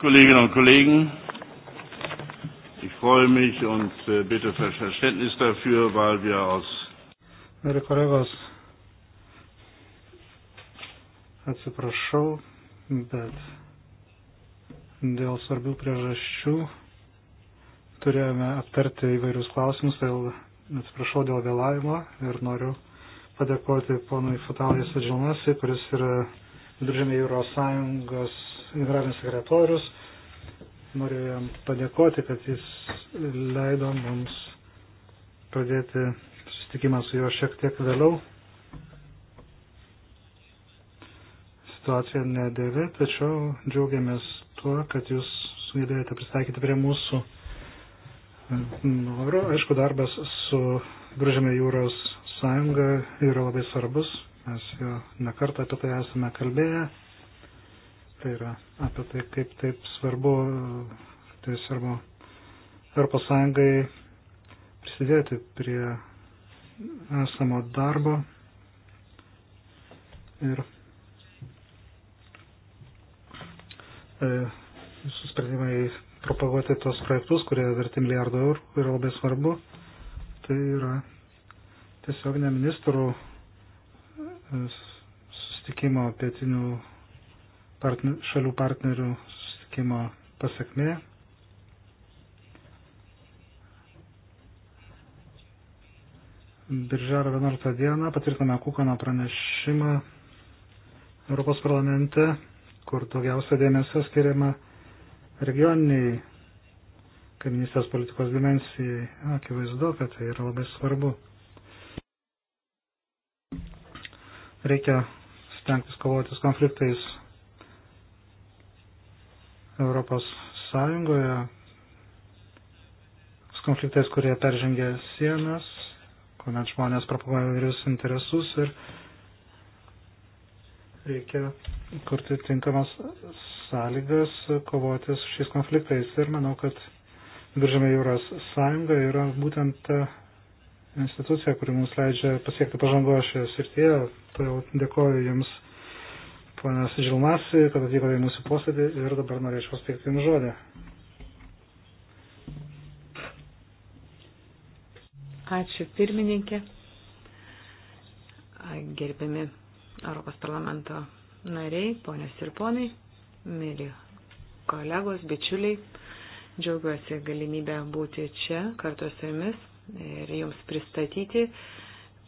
Kolleginnen und Kollegen, ich freue mich und äh, bitte für Verständnis dafür, weil wir aus. Mėly kolegos, atsiprašau, bet dėl svarbių priežasčių turėjome aptarti įvairius klausimus, todėl tai atsiprašau dėl vėlavimo ir noriu padėkoti ponui Fatalai Sadžilmasi, kuris yra Viduržėmė jūros sąjungos generalinis sekretorius. Noriu jam padėkoti, kad jis leido mums pradėti susitikimą su juo šiek tiek vėliau. Situacija nedėvi, tačiau džiaugiamės tuo, kad jūs sugebėjote pristaikyti prie mūsų norų. Aišku, darbas su Gružėme jūros sąjunga yra labai svarbus, mes jo nekartą apie tai esame kalbėję. Tai yra apie tai, kaip taip svarbu, tai svarbu Europos Sąjungai prisidėti prie esamo darbo ir visus e, sprendimai propaguoti tos projektus, kurie verti milijardų eurų yra labai svarbu. Tai yra tiesiog ne ministrų e, susitikimo pietinių partner, šalių partnerių susitikimo pasakmė. Birželio 11 dieną patvirtiname Kukano pranešimą Europos parlamente, kur daugiausia dėmesio skiriama regioniniai kaiminystės politikos dimensijai. Akivaizdu, kad tai yra labai svarbu. Reikia stengtis kovotis konfliktais Europos Sąjungoje konfliktais, kurie peržengia sienas, kuomet žmonės propaguoja vairius interesus ir reikia kurti tinkamas sąlygas kovoti su šiais konfliktais. Ir manau, kad Viduržėmė jūros sąjunga yra būtent ta institucija, kuri mums leidžia pasiekti pažangos šioje srityje. Todėl dėkoju Jums ponas Žilmas, kad atvykote į mūsų posėdį ir dabar norėčiau pasakyti jums žodį. Ačiū pirmininkė, gerbiami Europos parlamento nariai, ponios ir ponai, mėly kolegos, bičiuliai, džiaugiuosi galimybę būti čia kartu su jumis ir jums pristatyti,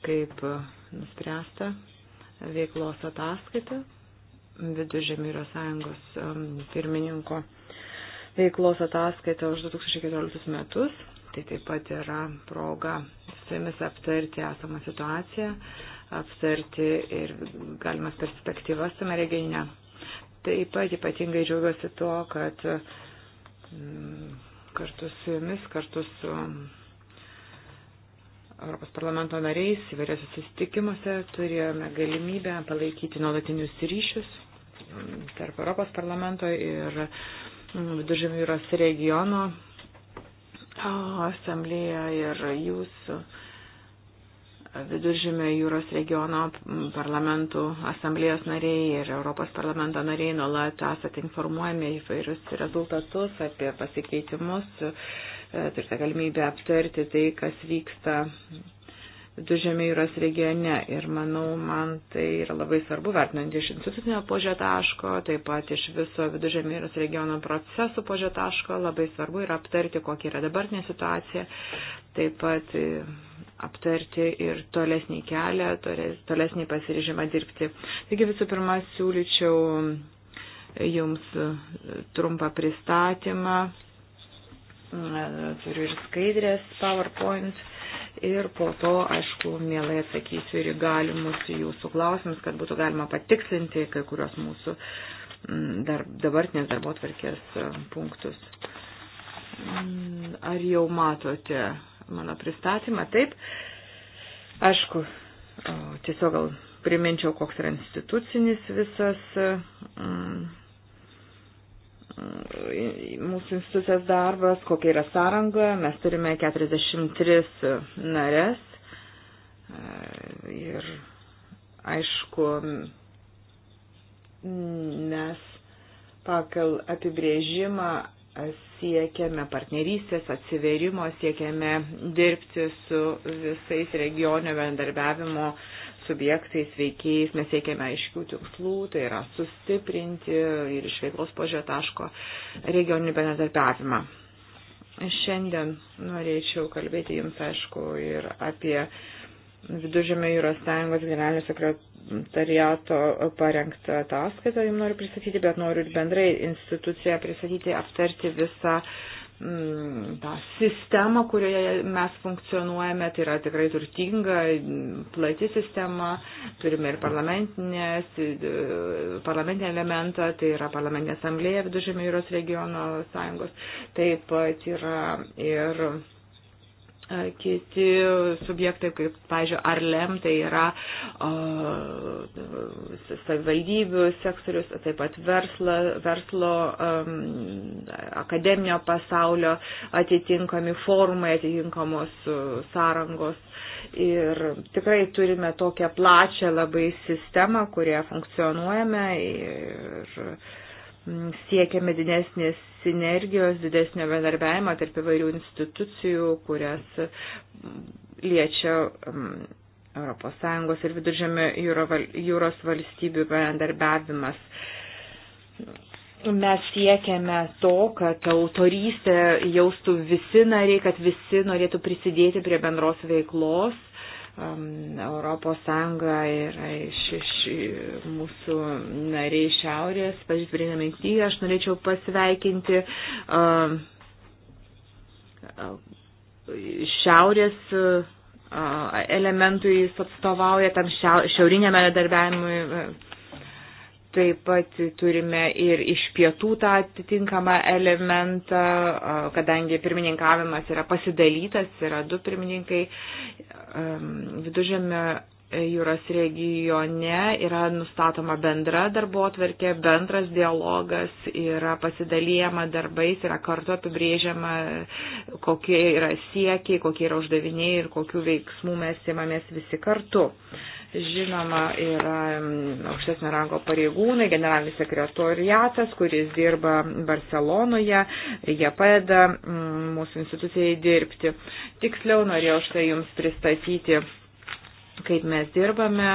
kaip nuspręsta veiklos ataskaita, Vidužėmyrio sąjungos pirmininko veiklos ataskaitą už 2014 metus. Tai taip pat yra proga su jumis aptarti esamą situaciją, aptarti ir galimas perspektyvas tame regione. Taip pat ypatingai džiaugiuosi tuo, kad kartu su jumis, kartu su Europos parlamento nariais įvairiose susitikimuose turėjome galimybę palaikyti nuolatinius ryšius mm, tarp Europos parlamento ir mm, Viduržėmio jūros regiono asamblėje ir jūs Viduržymio jūros regiono parlamentų asamblėjos nariai ir Europos parlamento nariai nuolat esate informuojami įvairius rezultatus apie pasikeitimus, e, turite galimybę aptarti tai, kas vyksta Viduržymio jūros regione. Ir manau, man tai yra labai svarbu, vertinant iš institucinio požio taško, taip pat iš viso Viduržymio jūros regiono procesų požio taško, labai svarbu yra aptarti, kokia yra dabartinė situacija. Taip pat aptarti ir tolesnį kelią, tolesnį pasiryžimą dirbti. Taigi visų pirma, siūlyčiau Jums trumpą pristatymą. Turiu ir skaidrės PowerPoint ir po to, aišku, mielai atsakysiu ir į galimus jūsų klausimus, kad būtų galima patikslinti kai kurios mūsų mm, dar, dabartinės darbo tvarkės mm, punktus. Mm, ar jau matote mano pristatymą. Taip, aišku, tiesiog gal priminčiau, koks yra institucinis visas mm, mm, mūsų institucijos darbas, kokia yra sąranga. Mes turime 43 nares e, ir aišku, mes pagal apibrėžimą siekiame partnerystės, atsiverimo, siekiame dirbti su visais regionio bendarbiavimo subjektais, veikėjais, mes siekiame aiškių tikslų, tai yra sustiprinti ir iš veiklos požiūrio taško regioninį bendradarbiavimą. Šiandien norėčiau kalbėti Jums, aišku, ir apie uh, Viduržėmio jūros sąjungos generalinio sekretariato parengtą ataskaitą jums noriu pristatyti, bet noriu ir bendrai instituciją pristatyti, aptarti visą mm, tą sistemą, kurioje mes funkcionuojame, tai yra tikrai turtinga, plati sistema, turime ir parlamentinį elementą, tai yra parlamentinė asamblėja Vidužėmio jūros regiono sąjungos, taip pat yra ir kiti subjektai, kaip, pažiūrėjau, Arlem, tai yra o, savivaldybių sektorius, taip pat versla, verslo, um, akademinio pasaulio atitinkami formai, atitinkamos sąrangos. Ir tikrai turime tokią plačią labai sistemą, kurioje funkcionuojame. Ir, siekiame didesnės sinergijos, didesnio bendarbiavimo tarp įvairių institucijų, kurias liečia ES ir viduržėmio jūros valstybių bendarbiavimas. Mes siekiame to, kad autorystę jaustų visi nariai, kad visi norėtų prisidėti prie bendros veiklos Europos Sąjunga yra iš, iš mūsų nariai šiaurės, pažiūrėjame į aš norėčiau pasveikinti šiaurės elementui jis atstovauja tam šiauriniame darbiavimui Taip pat turime ir iš pietų tą atitinkamą elementą, kadangi pirmininkavimas yra pasidalytas, yra du pirmininkai viduržėme jūros regione yra nustatoma bendra darbo atverkė, bendras dialogas, yra pasidalyjama darbais, yra kartu apibrėžiama, kokie yra siekiai, kokie yra uždaviniai ir kokiu veiksmu mes įmamės visi kartu. Uh, Žinoma, yra mm, aukštesnio rango pareigūnai, generalinis sekretoriatas, kuris dirba Barcelonoje, jie padeda mm, mūsų institucijai dirbti. Tiksliau norėjau štai jums pristatyti kaip mes dirbame,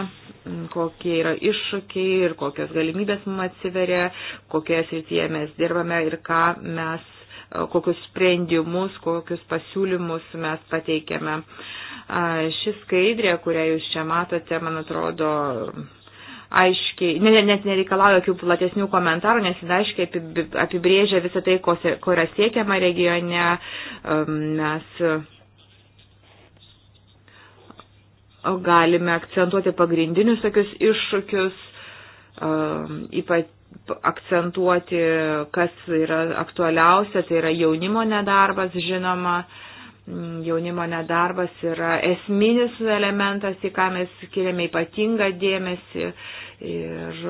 mm, kokie yra iššūkiai ir kokios galimybės mums atsiveria, kokioje srityje mes dirbame ir ką mes kokius sprendimus, kokius pasiūlymus mes pateikėme. Ši skaidrė, kurią jūs čia matote, man atrodo, aiškiai, net, net nereikalauja jokių platesnių komentarų, nes jis aiškiai apibrėžia visą tai, ko, ko yra siekiama regione. Mes galime akcentuoti pagrindinius tokius iššūkius, ypač akcentuoti, kas yra aktualiausia, tai yra jaunimo nedarbas, žinoma, jaunimo nedarbas yra esminis elementas, į ką mes skiriame ypatingą dėmesį ir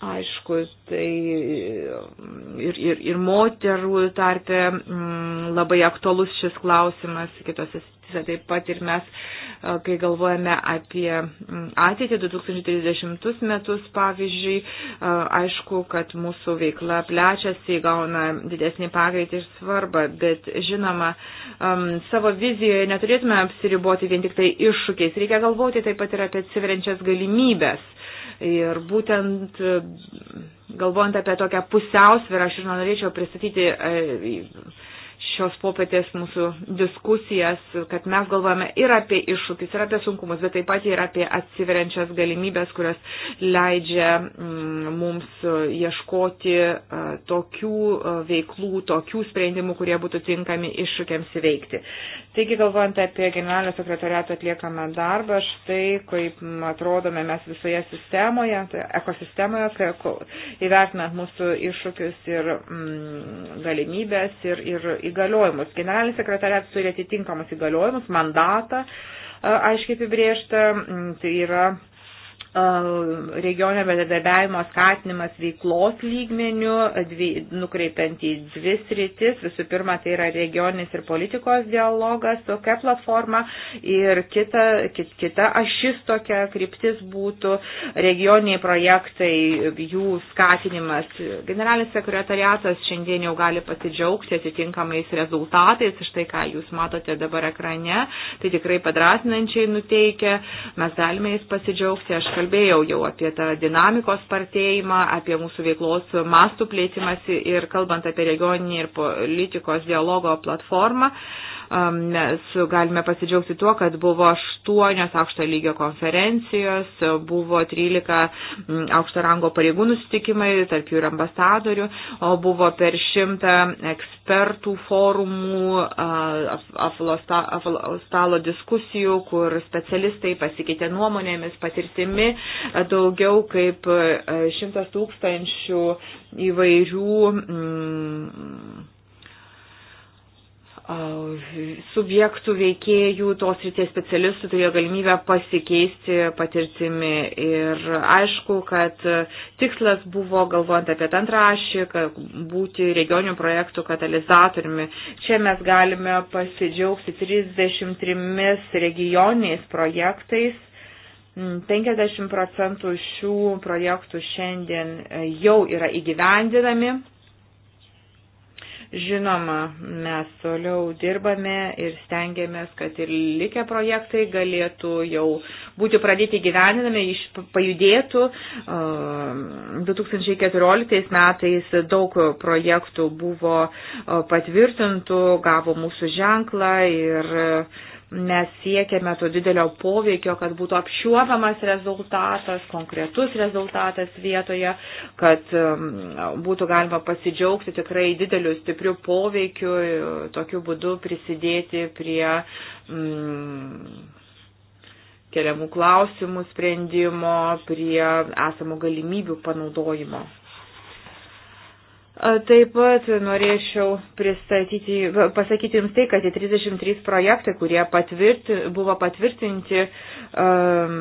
Aišku, tai mm, ir, ir, ir moterų tarpe mm, labai aktualus šis klausimas, kitose srityse taip pat ir mes, e, kai galvojame apie mm, ateitį 2030 metus, pavyzdžiui, e, aišku, kad mūsų veikla plečiasi, gauna didesnį pagreitį ir svarbą, bet žinoma, savo vizijoje neturėtume apsiriboti vien tik tai iššūkiais, reikia galvoti taip pat ir apie atsiveriančias galimybės Ir būtent e, galvojant apie tokią pusiausvyrą, aš ir norėčiau pristatyti e, šios popietės mūsų diskusijas, kad mes galvojame ir apie iššūkis, ir apie sunkumus, bet taip pat ir apie atsiveriančias galimybės, kurios leidžia mm, mums ieškoti tokių veiklų, tokių sprendimų, kurie būtų tinkami iššūkiams įveikti. Taigi, galvojant apie generalinio sekretariato atliekamą darbą, štai kaip atrodome mes visoje sistemoje, tai ekosistemoje, įvertinant mūsų iššūkius ir mm, galimybės ir, ir įgaliojimus įgaliojimus. Generalinis sekretariatas turi atitinkamus įgaliojimus, mandatą e, aiškiai apibriežtą, tai yra regionio bendradarbiavimo skatinimas veiklos lygmenių, dvi, nukreipiant į dvi sritis. Visų pirma, tai yra regioninis ir politikos dialogas tokia platforma ir kita, kit, kita ašis tokia kryptis būtų regioniniai projektai, jų skatinimas. Generalinis sekretariatas šiandien jau gali pasidžiaugti atitinkamais rezultatais iš tai, ką jūs matote dabar ekrane. Tai tikrai padrasinančiai nuteikia. Mes galime jais pasidžiaugti. Aš kalbėjau kalbėjau jau apie tą dinamikos spartėjimą, apie mūsų veiklos mastų plėtimąsi ir kalbant apie regioninį ir politikos dialogo platformą. Uh, Mes galime pasidžiaugti tuo, kad buvo aštuonios aukšto lygio konferencijos, buvo trylika aukšto rango pareigūnų sutikimai, tarp jų ir ambasadorių, o buvo per šimtą ekspertų forumų, stalo diskusijų, kur specialistai pasikeitė nuomonėmis, patirtimi, daugiau kaip šimtas tūkstančių įvairių. Mm, subjektų veikėjų, tos ryties specialistų turėjo galimybę pasikeisti patirtimi. Ir aišku, kad tikslas buvo, galvojant apie antrą ašį, būti regioninių projektų katalizatoriumi. Čia mes galime pasidžiaugti 33 regioniais projektais 50 procentų šių projektų šiandien jau yra įgyvendinami. Žinoma, mes toliau dirbame ir stengiamės, kad ir likę projektai galėtų jau būti pradėti gyveninami, iš, pajudėtų. 2014 ehm, metais daug projektų buvo e, patvirtintų, gavo mūsų ženklą ir Mes siekiame to didelio poveikio, kad būtų apčiuopiamas rezultatas, konkretus rezultatas vietoje, kad um, būtų galima pasidžiaugti tikrai dideliu stipriu poveikiu, tokiu būdu prisidėti prie. Mm, keliamų klausimų sprendimo, prie esamų galimybių panaudojimo. Taip pat norėčiau pristatyti, pasakyti Jums tai, kad tie 33 projektai, kurie patvirti, buvo patvirtinti um,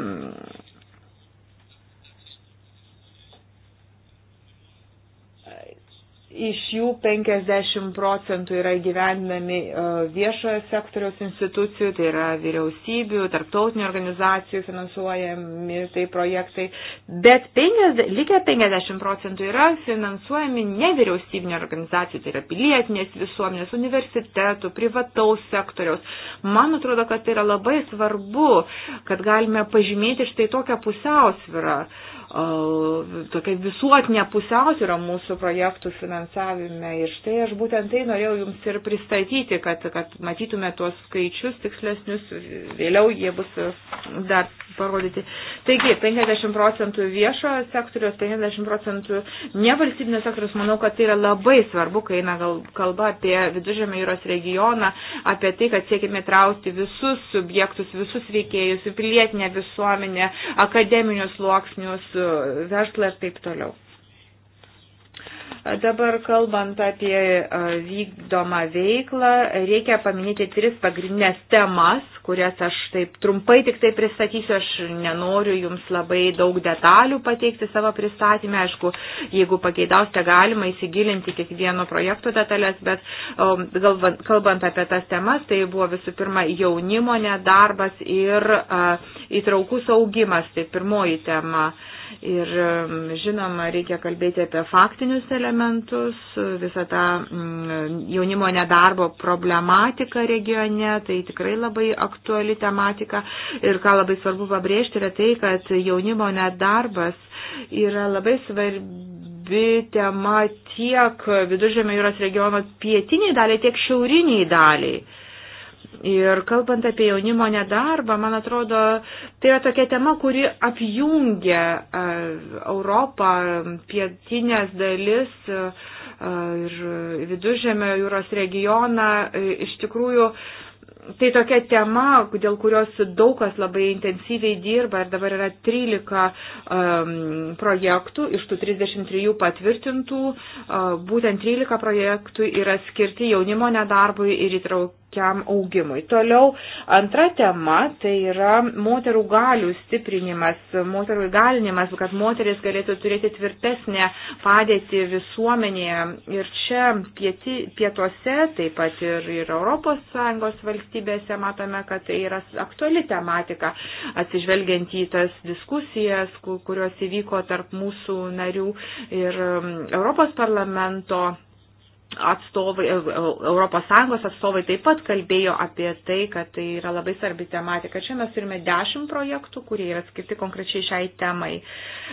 Iš jų 50 procentų yra gyvendinami e, viešojo sektoriaus institucijų, tai yra vyriausybių, tarptautinių organizacijų finansuojami tai projektai, bet 50, likę 50 procentų yra finansuojami nevyriausybinio organizacijų, tai yra pilietinės visuomenės, universitetų, privataus sektoriaus. Man atrodo, kad tai yra labai svarbu, kad galime pažymėti štai tokią pusiausvyrą. Uh, tokia visuotinė pusiausvyrą mūsų projektų finansavime. Ir štai aš būtent tai norėjau Jums ir pristatyti, kad, kad matytume tuos skaičius tikslesnius, vėliau jie bus e, dar parodyti. Taigi, 50 procentų viešojo sektoriaus, 50 procentų nevalstybinio sektoriaus, manau, kad tai yra labai svarbu, kai eina kalba apie viduržėmio jūros regioną, apie tai, kad siekime trausti visus subjektus, visus veikėjus, pilietinę visuomenę, akademinius sluoksnius, verslą ir taip toliau. Dabar kalbant apie vykdomą veiklą, reikia paminėti tris pagrindinės temas, kurias aš taip trumpai tik tai pristatysiu, aš nenoriu jums labai daug detalių pateikti savo pristatymę, aišku, jeigu pageidausite galima įsigilinti kiekvieno projekto detalės, bet kalbant apie tas temas, tai buvo visų pirma jaunimo nedarbas ir įtraukus augimas, tai pirmoji tema. Ir žinoma, reikia kalbėti apie faktinius elementus elementus, visą tą mm, jaunimo nedarbo problematiką regione, tai tikrai labai aktuali tematika ir ką labai svarbu pabrėžti yra tai, kad jaunimo nedarbas yra labai svarbi tema tiek viduržėmio jūros regiono pietiniai daliai, tiek šiauriniai daliai. Ir kalbant apie jaunimo nedarbą, man atrodo, tai yra tokia tema, kuri apjungia e, Europą, pietinės dalis e, ir viduržėmio jūros regioną. E, iš tikrųjų, tai tokia tema, dėl kurios daug kas labai intensyviai dirba ir dabar yra 13 um, projektų iš tų 33 patvirtintų, uh, būtent 13 projektų yra skirti jaunimo nedarbui ir įtraukimui tokiam augimui. Toliau antra tema tai yra moterų galių stiprinimas, moterų įgalinimas, kad moteris galėtų turėti tvirtesnę padėtį visuomenėje. Ir čia pieti, pietuose, taip pat ir, ir ES valstybėse matome, kad tai yra aktuali tematika, atsižvelgiant į tas diskusijas, kurios įvyko tarp mūsų narių ir um, Europos parlamento atstovai, ES e, atstovai taip pat kalbėjo apie tai, kad tai yra labai svarbi tematika. Čia mes turime dešimt projektų, kurie yra skirti konkrečiai šiai temai.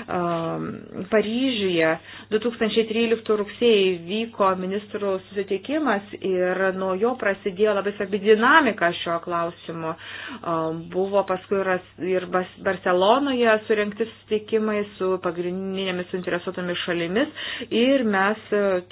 Um, Paryžiuje 2013 rugsėjai vyko ministrų susitikimas ir nuo jo prasidėjo labai svarbi dinamika šiuo klausimu. Um, buvo paskui ir Barcelonoje surinkti susitikimai su pagrindinėmis suinteresuotomis šalimis ir mes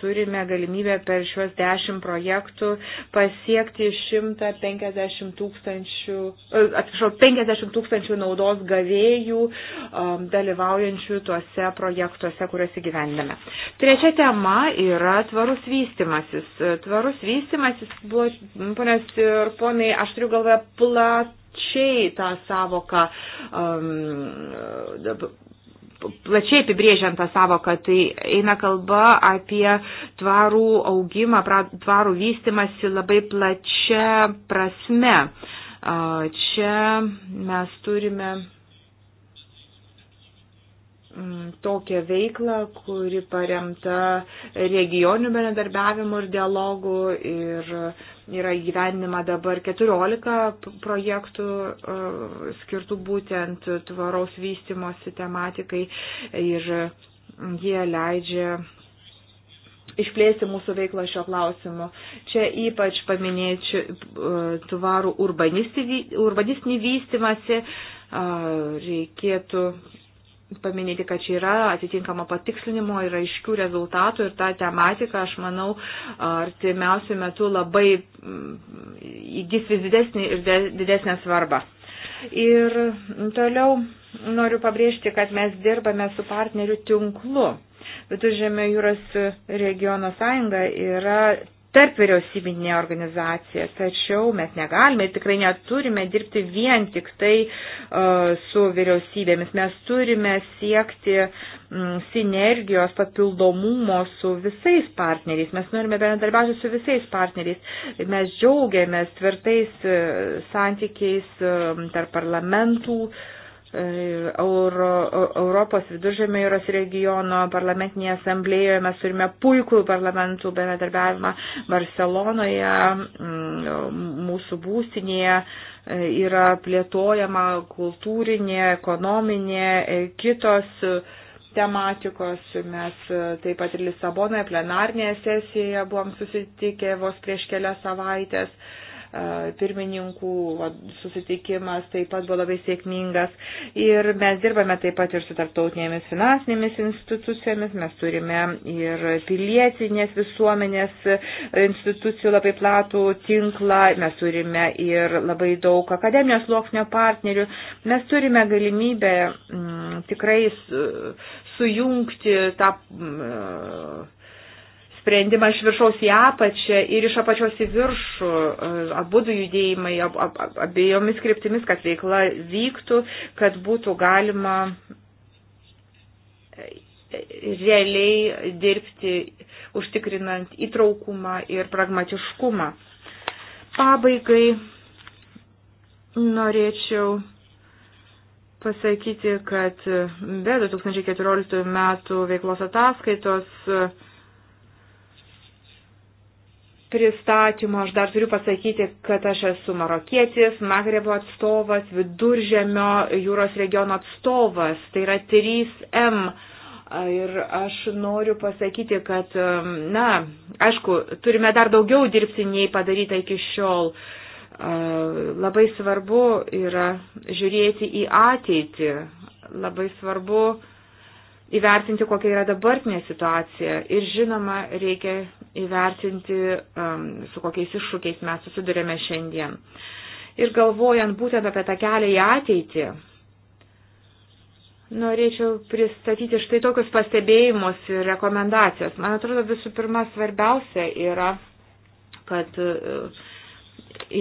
turime galimybę per šiuos 10 projektų pasiekti 150 tūkstančių, e, atsiprašau, 50 tūkstančių naudos gavėjų e, dalyvaujančių tuose projektuose, kuriuos įgyvendame. Trečia tema yra tvarus vystimasis. Tvarus vystimasis, ponės ir ponai, aš turiu galvoje plat plačiai tą savoką um, plačiai apibrėžiant tą savoką, tai eina kalba apie tvarų augimą, tvarų vystimasi labai plačia prasme. Čia mes turime mm, tokią veiklą, kuri paremta regionių bendradarbiavimu ir dialogu ir uh, Yra gyvenima dabar 14 projektų e, skirtų būtent tvaraus vystimosi tematikai ir jie leidžia išplėsti mūsų veiklą šio klausimu. Čia ypač paminėčiau e, tvarų urbanistinį vystimasi, reikėtų paminėti, kad čia yra atitinkama patikslinimo ir aiškių rezultatų ir ta tematika, aš manau, artimiausių metų labai mm, įgis vis didesnį ir didesnę svarbą. Ir toliau noriu pabrėžti, kad mes dirbame su partnerių tinklu. Viduržėmio jūros regiono sąjunga yra tarp vyriausybinė organizacija, tačiau mes negalime ir tikrai neturime dirbti vien tik tai uh, su vyriausybėmis. Mes turime siekti mm, sinergijos, papildomumo su visais partneriais. Mes norime bendradarbiauti su visais partneriais. Mes džiaugiamės tvirtais uh, santykiais uh, tarp parlamentų. Uh, E, Euro, e, Europos viduržėmio jūros regiono parlamentinėje asamblėjoje mes turime puikų parlamentų bendradarbiavimą Barcelonoje, mūsų būstinėje e, yra plėtojama kultūrinė, ekonominė, kitos tematikos. Mes taip pat ir Lisabonoje plenarnėje sesijoje buvom susitikę vos prieš kelias savaitės E, pirmininkų susitikimas taip pat buvo labai sėkmingas. Ir mes dirbame taip pat ir su tarptautinėmis finansinėmis institucijomis, mes turime ir pilietinės visuomenės institucijų labai platų tinklą, mes turime ir labai daug akademijos sluoksnio partnerių, mes turime galimybę m, mm, tikrai su, sujungti tą m, mm, sprendimą iš viršaus į apačią ir iš apačios į viršų, e, abu du judėjimai, ab, ab, ab, abiejomis kryptimis, kad veikla vyktų, kad būtų galima e, e, realiai dirbti, užtikrinant įtraukumą ir pragmatiškumą. Pabaigai norėčiau pasakyti, kad be 2014 metų veiklos ataskaitos pristatymo aš dar turiu pasakyti, kad aš esu marokietis, Magrebo atstovas, viduržemio jūros regiono atstovas, tai yra 3M. Ir aš noriu pasakyti, kad, na, aišku, turime dar daugiau dirbti nei padaryta iki šiol. Labai svarbu yra žiūrėti į ateitį, labai svarbu įvertinti, kokia yra dabartinė situacija ir žinoma, reikia įvertinti, um, su kokiais iššūkiais mes susidurėme šiandien. Ir galvojant būtent apie tą kelią į ateitį, norėčiau pristatyti štai tokius pastebėjimus ir rekomendacijas. Man atrodo, visų pirma, svarbiausia yra, kad uh,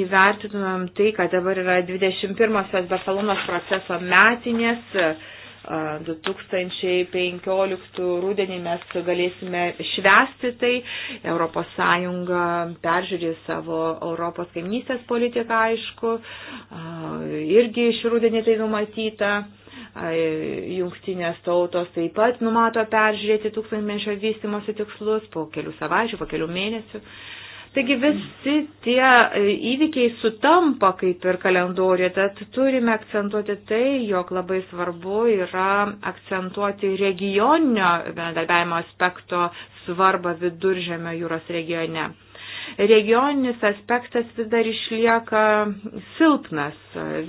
įvertintumėm tai, kad dabar yra 21-osios Barcelonos proceso metinės, uh, 2015 rūdienį mes galėsime švesti tai. Europos Sąjunga peržiūrė savo Europos kaimynystės politiką, aišku, irgi šį rūdienį tai numatyta. Jungtinės tautos taip pat numato peržiūrėti tūkstantmečio vystimosi tikslus po kelių savaičių, po kelių mėnesių. Uh, Taigi visi tie e, įvykiai sutampa kaip ir kalendorė, tad turime akcentuoti tai, jog labai svarbu yra akcentuoti regioninio bendradarbiavimo aspekto svarbą viduržėmio jūros regione. Regioninis aspektas vis dar išlieka silpnas.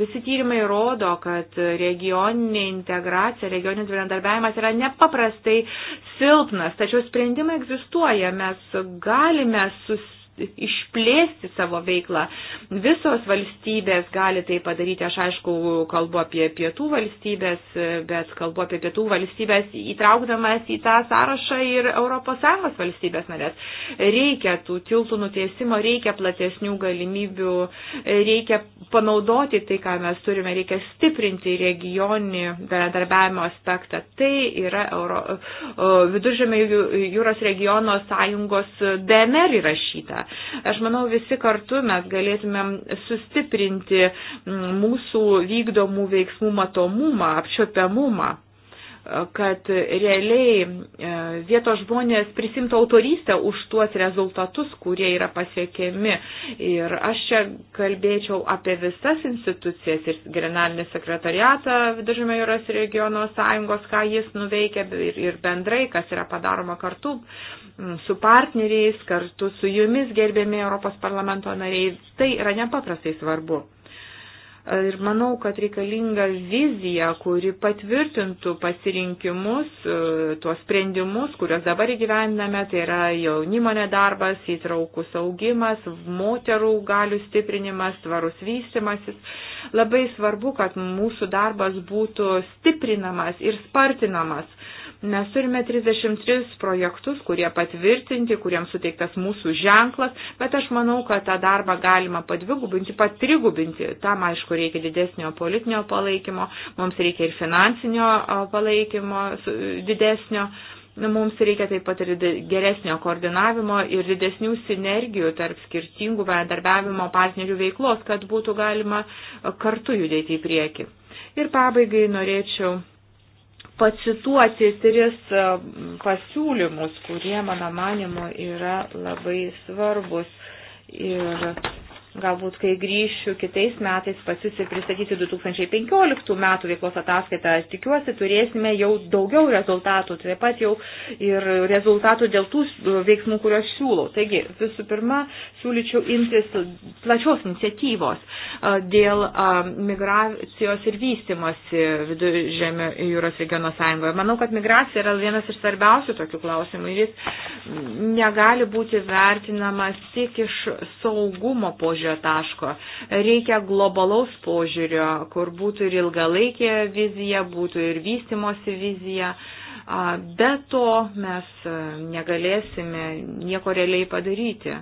Visi tyrimai rodo, kad regioninė integracija, regioninis bendradarbiavimas yra nepaprastai silpnas, tačiau sprendimai egzistuoja, mes galime susitikti išplėsti savo veiklą. Visos valstybės gali tai padaryti, aš aišku, kalbu apie pietų valstybės, bet kalbu apie pietų valstybės įtraukdamas į tą sąrašą ir ES valstybės narės. Reikia tų tiltų nutiesimo, reikia platesnių galimybių, reikia panaudoti tai, ką mes turime, reikia stiprinti regioninį bendradarbiavimo aspektą. Tai yra Euro, Viduržėmio jūros regiono sąjungos DNR įrašyta. Aš manau, visi kartu mes galėtumėm sustiprinti mm, mūsų vykdomų veiksmų matomumą, apčiopiamumą kad realiai e, vietos žmonės prisimtų autorystę už tuos rezultatus, kurie yra pasiekiami. Ir aš čia kalbėčiau apie visas institucijas ir generalinį sekretariatą Viduržymio jūros regiono sąjungos, ką jis nuveikia ir, ir bendrai, kas yra padaroma kartu. Mm, su partneriais, kartu su jumis, gerbiami Europos parlamento nariai. Tai yra nepaprastai svarbu. Ir manau, kad reikalinga vizija, kuri patvirtintų pasirinkimus, e, tuos sprendimus, kuriuos dabar įgyvendiname, tai yra jaunimo nedarbas, įtraukus augimas, moterų galių stiprinimas, tvarus vystimasis. Labai svarbu, kad mūsų darbas būtų stiprinamas ir spartinamas Mes turime 33 projektus, kurie patvirtinti, kuriems suteiktas mūsų ženklas, bet aš manau, kad tą darbą galima padvigubinti, patrigubinti. Tam, aišku, reikia didesnio politinio palaikymo, mums reikia ir finansinio palaikymo didesnio mums reikia taip pat ir geresnio koordinavimo ir didesnių sinergijų tarp skirtingų bendarbiavimo partnerių veiklos, kad būtų galima kartu judėti į priekį. Ir pabaigai norėčiau pacituoti tris e, pasiūlymus, kurie, mano manimu, yra labai svarbus. Ir Galbūt, kai grįšiu kitais metais pas jūs ir pristatysiu 2015 metų veiklos ataskaitą, aš tikiuosi, turėsime jau daugiau rezultatų, taip pat jau ir rezultatų dėl tų veiksmų, kuriuos siūlau. Taigi, visų pirma, siūlyčiau imtis plačios iniciatyvos dėl migracijos ir vystimosi viduržėmio jūros regiono sąjungoje. Manau, kad migracija yra vienas iš svarbiausių tokių klausimų ir jis negali būti vertinamas tik iš saugumo požiūrį lūžio taško. Reikia globalaus požiūrio, kur būtų ir ilgalaikė vizija, būtų ir vystimosi vizija. Be to mes negalėsime nieko realiai padaryti.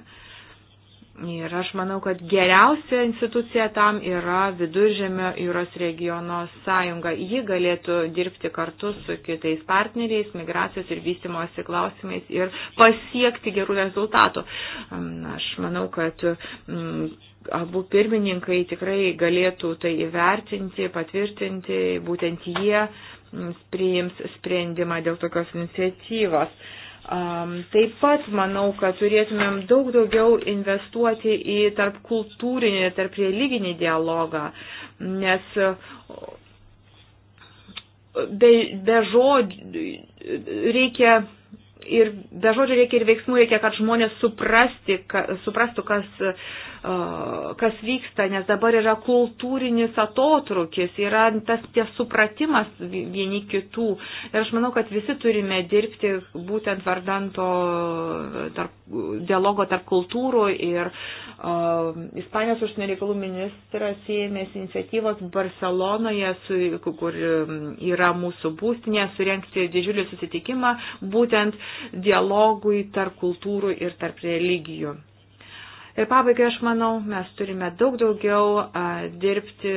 Ir aš manau, kad geriausia institucija tam yra Viduržėmio jūros regiono sąjunga. Ji galėtų dirbti kartu su kitais partneriais, migracijos ir vystimosi klausimais ir pasiekti gerų rezultatų. Mm, aš manau, kad mm, abu pirmininkai tikrai galėtų tai įvertinti, patvirtinti, būtent jie mm, priims sprendimą dėl tokios iniciatyvos. Taip pat manau, kad turėtumėm daug daugiau investuoti į tarp kultūrinį ir tarp religinį dialogą, nes be, be žodžių reikia ir be žodžių reikia ir veiksmų, reikia, kad žmonės suprasti, ka, suprastų, kas kas vyksta, nes dabar yra kultūrinis atotrukis, yra tas ties supratimas vieni kitų. Ir aš manau, kad visi turime dirbti būtent vardanto e, tarp, dialogo tarp kultūrų ir uh, Ispanijos užsienio reikalų ministras ėmėsi iniciatyvos Barcelonoje, su, kur yra mūsų būstinė, surenkti didžiulį susitikimą būtent dialogui tarp kultūrų ir tarp religijų. Ir pabaigai, aš manau, mes turime daug daugiau a, dirbti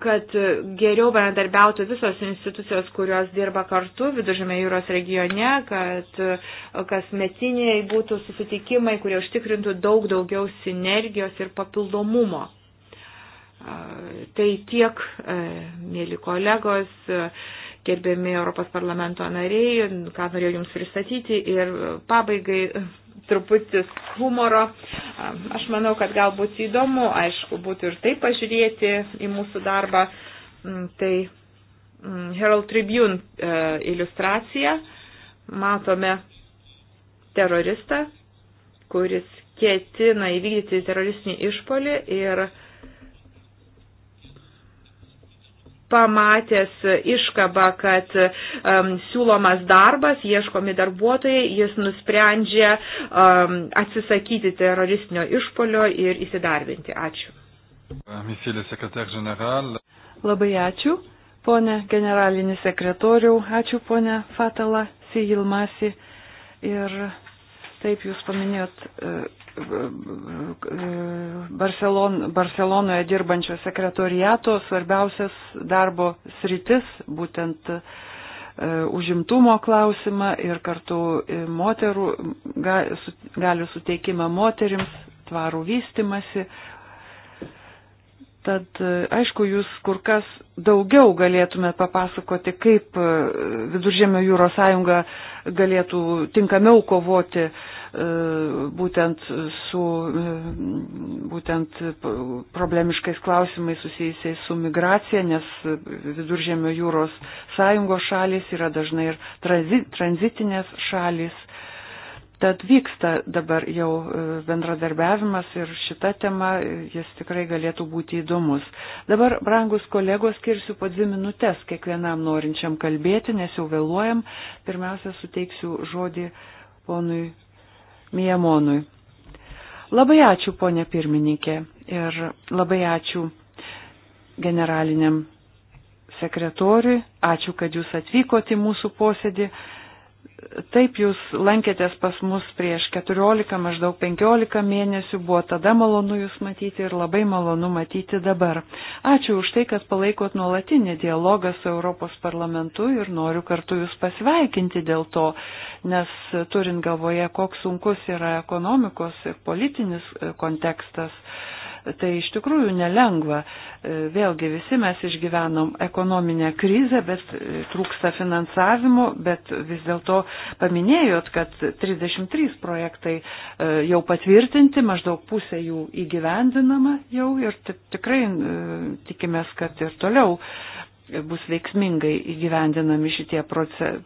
kad geriau bendarbiautų visos institucijos, kurios dirba kartu Vidužame jūros regione, kad kasmetiniai būtų susitikimai, kurie užtikrintų daug daugiau sinergijos ir papildomumo. Tai tiek, mėly kolegos, gerbiami Europos parlamento nariai, ką norėjau Jums pristatyti ir pabaigai truputis humoro. Aš manau, kad galbūt įdomu, aišku, būtų ir taip pažiūrėti į mūsų darbą. Mm, tai mm, Herald Tribune e, iliustracija. Matome teroristą, kuris ketina įvykdyti teroristinį išpolį ir uh, pamatęs iškabą, kad um, siūlomas darbas, ieškomi darbuotojai, jis nusprendžia um, atsisakyti teroristinio išpolio ir įsidarbinti. Ačiū. Labai ačiū, ponė generalinį sekretoriau, ačiū ponė Fatala Sijilmasi ir taip jūs paminėjot. Uh, Barcelon, Barcelonoje dirbančio sekretoriato svarbiausias darbo sritis, būtent e, užimtumo klausimą ir kartu e, moterų, galių suteikimą moterims, tvarų vystimasi. Tad e, aišku, jūs kur kas daugiau galėtumėt papasakoti, kaip Viduržėmio jūros sąjunga galėtų tinkamiau kovoti uh, E, būtent su e, būtent problemiškais klausimais susijusiais su migracija, nes Viduržėmio jūros sąjungos šalis yra dažnai ir tranzitinės šalis. Tad vyksta dabar jau e, bendradarbiavimas ir šita tema, jis tikrai galėtų būti įdomus. Dabar, brangus kolegos, skirsiu po dvi minutės kiekvienam norinčiam kalbėti, nes jau vėluojam. Pirmiausia, suteiksiu žodį ponui Mijamonui. Labai ačiū, ponė pirmininkė, ir labai ačiū generaliniam sekretoriui, ačiū, kad jūs atvykote į mūsų posėdį, taip jūs lankėtės pas mus prieš 14, maždaug 15 mėnesių, buvo tada malonu jūs matyti ir labai malonu matyti dabar. Ačiū už tai, kad palaikot nuolatinį dialogą su Europos parlamentu ir noriu kartu jūs pasveikinti dėl to, nes turint galvoje, koks sunkus yra ekonomikos ir politinis kontekstas tai iš tikrųjų nelengva. E, vėlgi visi mes išgyvenom ekonominę krizę, bet e, trūksta finansavimo, bet vis dėlto paminėjot, kad 33 projektai e, jau patvirtinti, maždaug pusė jų įgyvendinama jau ir tikrai tikimės, kad ir toliau bus veiksmingai įgyvendinami šitie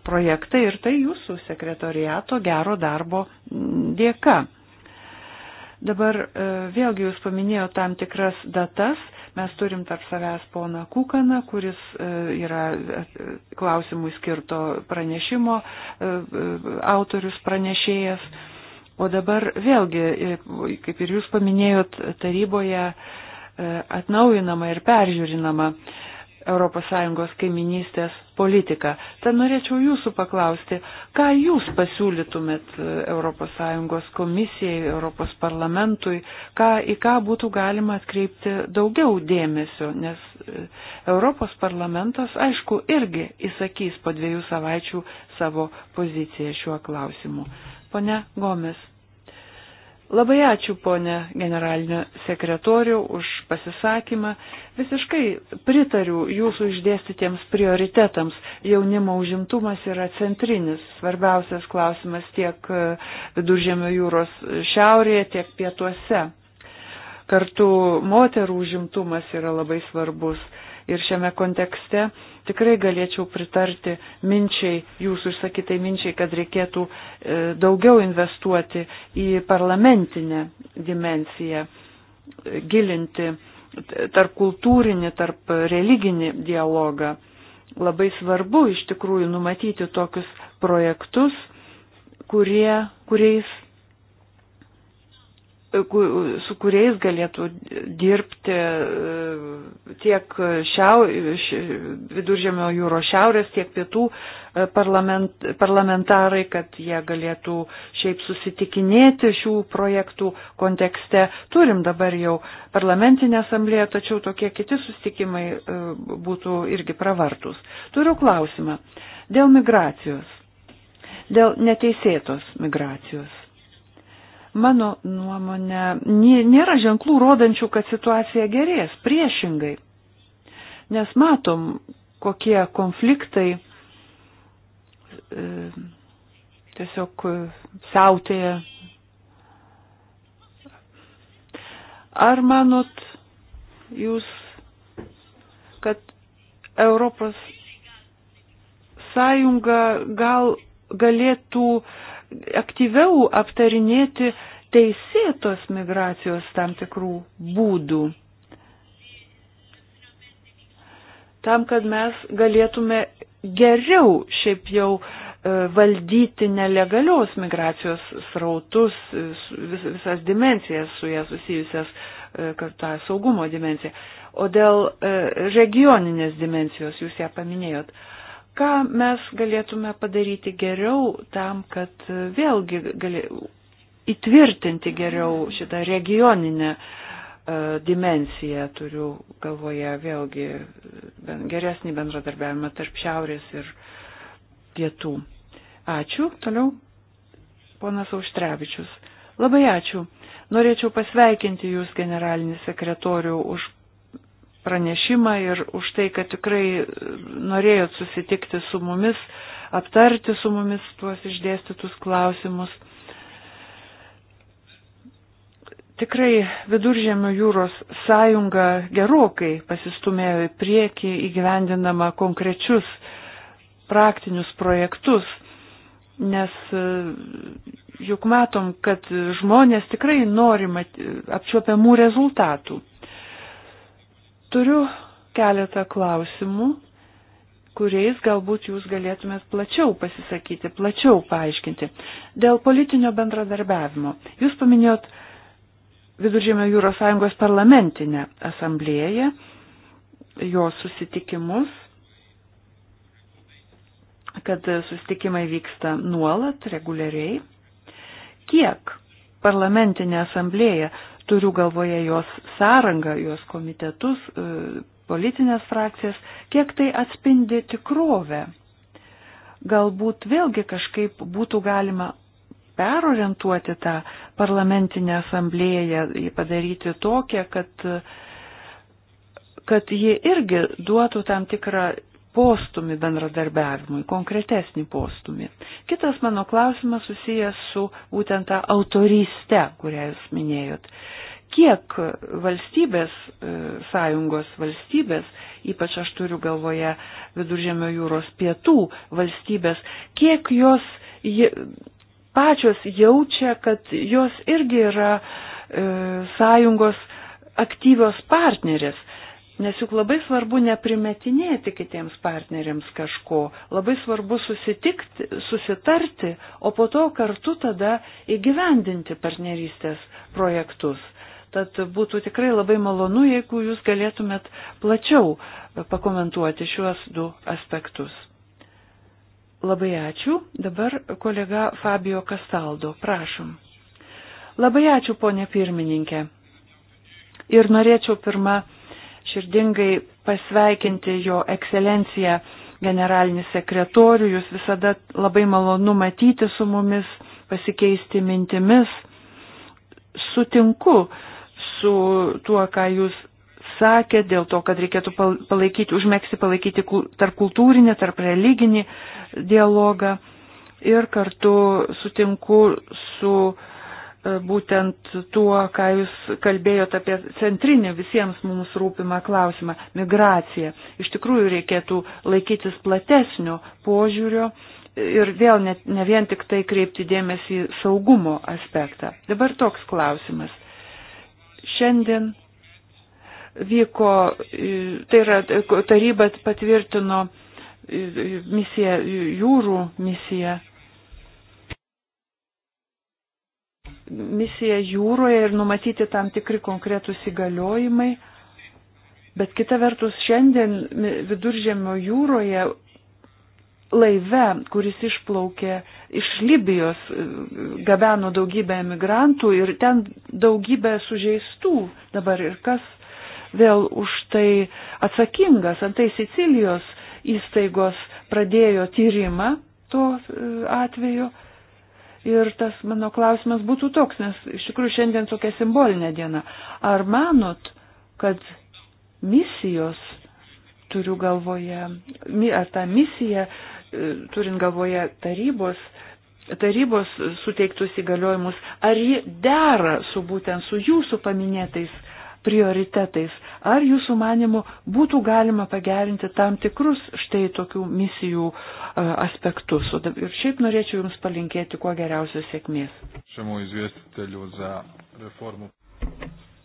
projektai ir tai jūsų sekretoriato gero darbo dėka. Dabar e, vėlgi jūs paminėjote tam tikras datas. Mes turim tarp savęs poną Kukaną, kuris e, yra e, klausimui skirto pranešimo autorius pranešėjas. O dabar vėlgi, kaip ir jūs paminėjot, taryboje atnaujinama ir peržiūrinama ES kaiminystės politiką. Tad norėčiau jūsų paklausti, ką jūs pasiūlytumėt ES komisijai, Europos parlamentui, ką, į ką būtų galima atkreipti daugiau dėmesio, nes e, Europos parlamentas, aišku, irgi įsakys po dviejų savaičių savo poziciją šiuo klausimu. Pone Gomes, Labai ačiū, ponė generalinio sekretoriu, už pasisakymą. Visiškai pritariu jūsų išdėstytiems prioritetams. Jaunimo užimtumas yra centrinis, svarbiausias klausimas tiek viduržėmio jūros šiaurėje, tiek pietuose. Kartu moterų užimtumas yra labai svarbus ir šiame kontekste tikrai galėčiau pritarti minčiai, jūsų išsakytai minčiai, kad reikėtų e, daugiau investuoti į parlamentinę dimenciją, e, gilinti tarp kultūrinį, tarp religinį dialogą. Labai svarbu iš tikrųjų numatyti tokius projektus, kurie, kuriais E, su kuriais galėtų dirbti e, tiek šiau, viduržėmio jūros šiaurės, tiek pietų e, parlament, parlamentarai, kad jie galėtų šiaip susitikinėti šių projektų kontekste. Turim dabar jau parlamentinę asamblėją, tačiau tokie kiti susitikimai būtų irgi pravartus. Turiu klausimą dėl migracijos, dėl neteisėtos migracijos Mano nuomonė, nėra ženklų rodančių, kad situacija gerės, priešingai. Nes matom, kokie konfliktai e, tiesiog e, siautėja. Ar manot jūs, kad Europos Sąjunga gal galėtų uh, aktyviau aptarinėti teisėtos migracijos tam tikrų būdų. Tam, kad mes galėtume geriau šiaip jau e, valdyti nelegalios migracijos srautus, vis, visas dimencijas su ją susijusias, e, tą saugumo dimenciją. O dėl e, regioninės dimencijos jūs ją paminėjot. Ką mes galėtume padaryti geriau tam, kad vėlgi gali, įtvirtinti geriau šitą regioninę e, dimensiją, turiu galvoje vėlgi geresnį bendradarbiavimą tarp šiaurės ir pietų. Ačiū. Toliau ponas Auštrevičius. Labai ačiū. Norėčiau pasveikinti Jūs, generalinį sekretorių, už pranešimą ir už tai, kad tikrai norėjot susitikti su mumis, aptarti su mumis tuos išdėstytus klausimus. Tikrai viduržėmio jūros sąjunga gerokai pasistumėjo į priekį įgyvendinama konkrečius praktinius projektus, nes juk matom, kad žmonės tikrai nori apčiuopiamų rezultatų. Turiu keletą klausimų, kuriais galbūt jūs galėtumėt plačiau pasisakyti, plačiau paaiškinti. Dėl politinio bendradarbiavimo. Jūs paminėjot Viduržėmio jūros sąjungos parlamentinę asamblėją, jos susitikimus, kad susitikimai vyksta nuolat, reguliariai. Kiek parlamentinė asamblėja turiu galvoje jos sąrangą, jos komitetus, e, politinės frakcijas, kiek tai atspindi tikrovę. Galbūt vėlgi kažkaip būtų galima perorientuoti tą parlamentinę asamblėją, padaryti tokią, kad, kad ji irgi duotų tam tikrą postumį bendradarbiavimui, konkretesnį postumį. Kitas mano klausimas susijęs su būtent tą autoryste, kurią jūs minėjot. Kiek valstybės, e, sąjungos valstybės, ypač aš turiu galvoje viduržėmio jūros pietų valstybės, kiek jos pačios jaučia, kad jos irgi yra e, sąjungos aktyvios partnerės, Nes juk labai svarbu neprimetinėti kitiems partneriams kažko, labai svarbu susitikti, susitarti, o po to kartu tada įgyvendinti partnerystės projektus. Tad būtų tikrai labai malonu, jeigu jūs galėtumėt plačiau pakomentuoti šiuos du aspektus. Labai ačiū. Dabar kolega Fabio Kastaldo, prašom. Labai ačiū, ponė pirmininkė. Ir norėčiau pirmą širdingai pasveikinti jo ekscelenciją generalinį sekretorių. Jūs visada labai malonu matyti su mumis, pasikeisti mintimis. Sutinku su tuo, ką jūs sakė, dėl to, kad reikėtų palaikyti, užmėgsti palaikyti tarp kultūrinį, tarp religinį dialogą. Ir kartu sutinku su uh, E, būtent tuo, ką jūs kalbėjote apie centrinį visiems mums rūpimą klausimą - migraciją. Iš tikrųjų reikėtų laikytis platesnio požiūrio ir vėl ne, ne vien tik tai kreipti dėmesį į saugumo aspektą. Dabar toks klausimas. Šiandien vyko, e, tai yra e, taryba patvirtino misiją, jūrų misiją misija jūroje ir numatyti tam tikri konkretūs įgaliojimai. Bet kita vertus, šiandien viduržėmio jūroje laive, kuris išplaukė iš Libijos, gabeno daugybę emigrantų ir ten daugybę sužeistų dabar ir kas vėl už tai atsakingas. Antai Sicilijos įstaigos pradėjo tyrimą to e, atveju Ir tas mano klausimas būtų toks, nes iš tikrųjų šiandien tokia simbolinė diena. Ar manot, kad misijos, turiu galvoje, ar ta misija, e, turint galvoje tarybos, tarybos suteiktus įgaliojimus, ar ji dera su būtent su jūsų paminėtais prioritetais. Ar jūsų manimu būtų galima pagerinti tam tikrus štai tokių misijų e, aspektus? O ir šiaip norėčiau Jums palinkėti kuo geriausios sėkmės.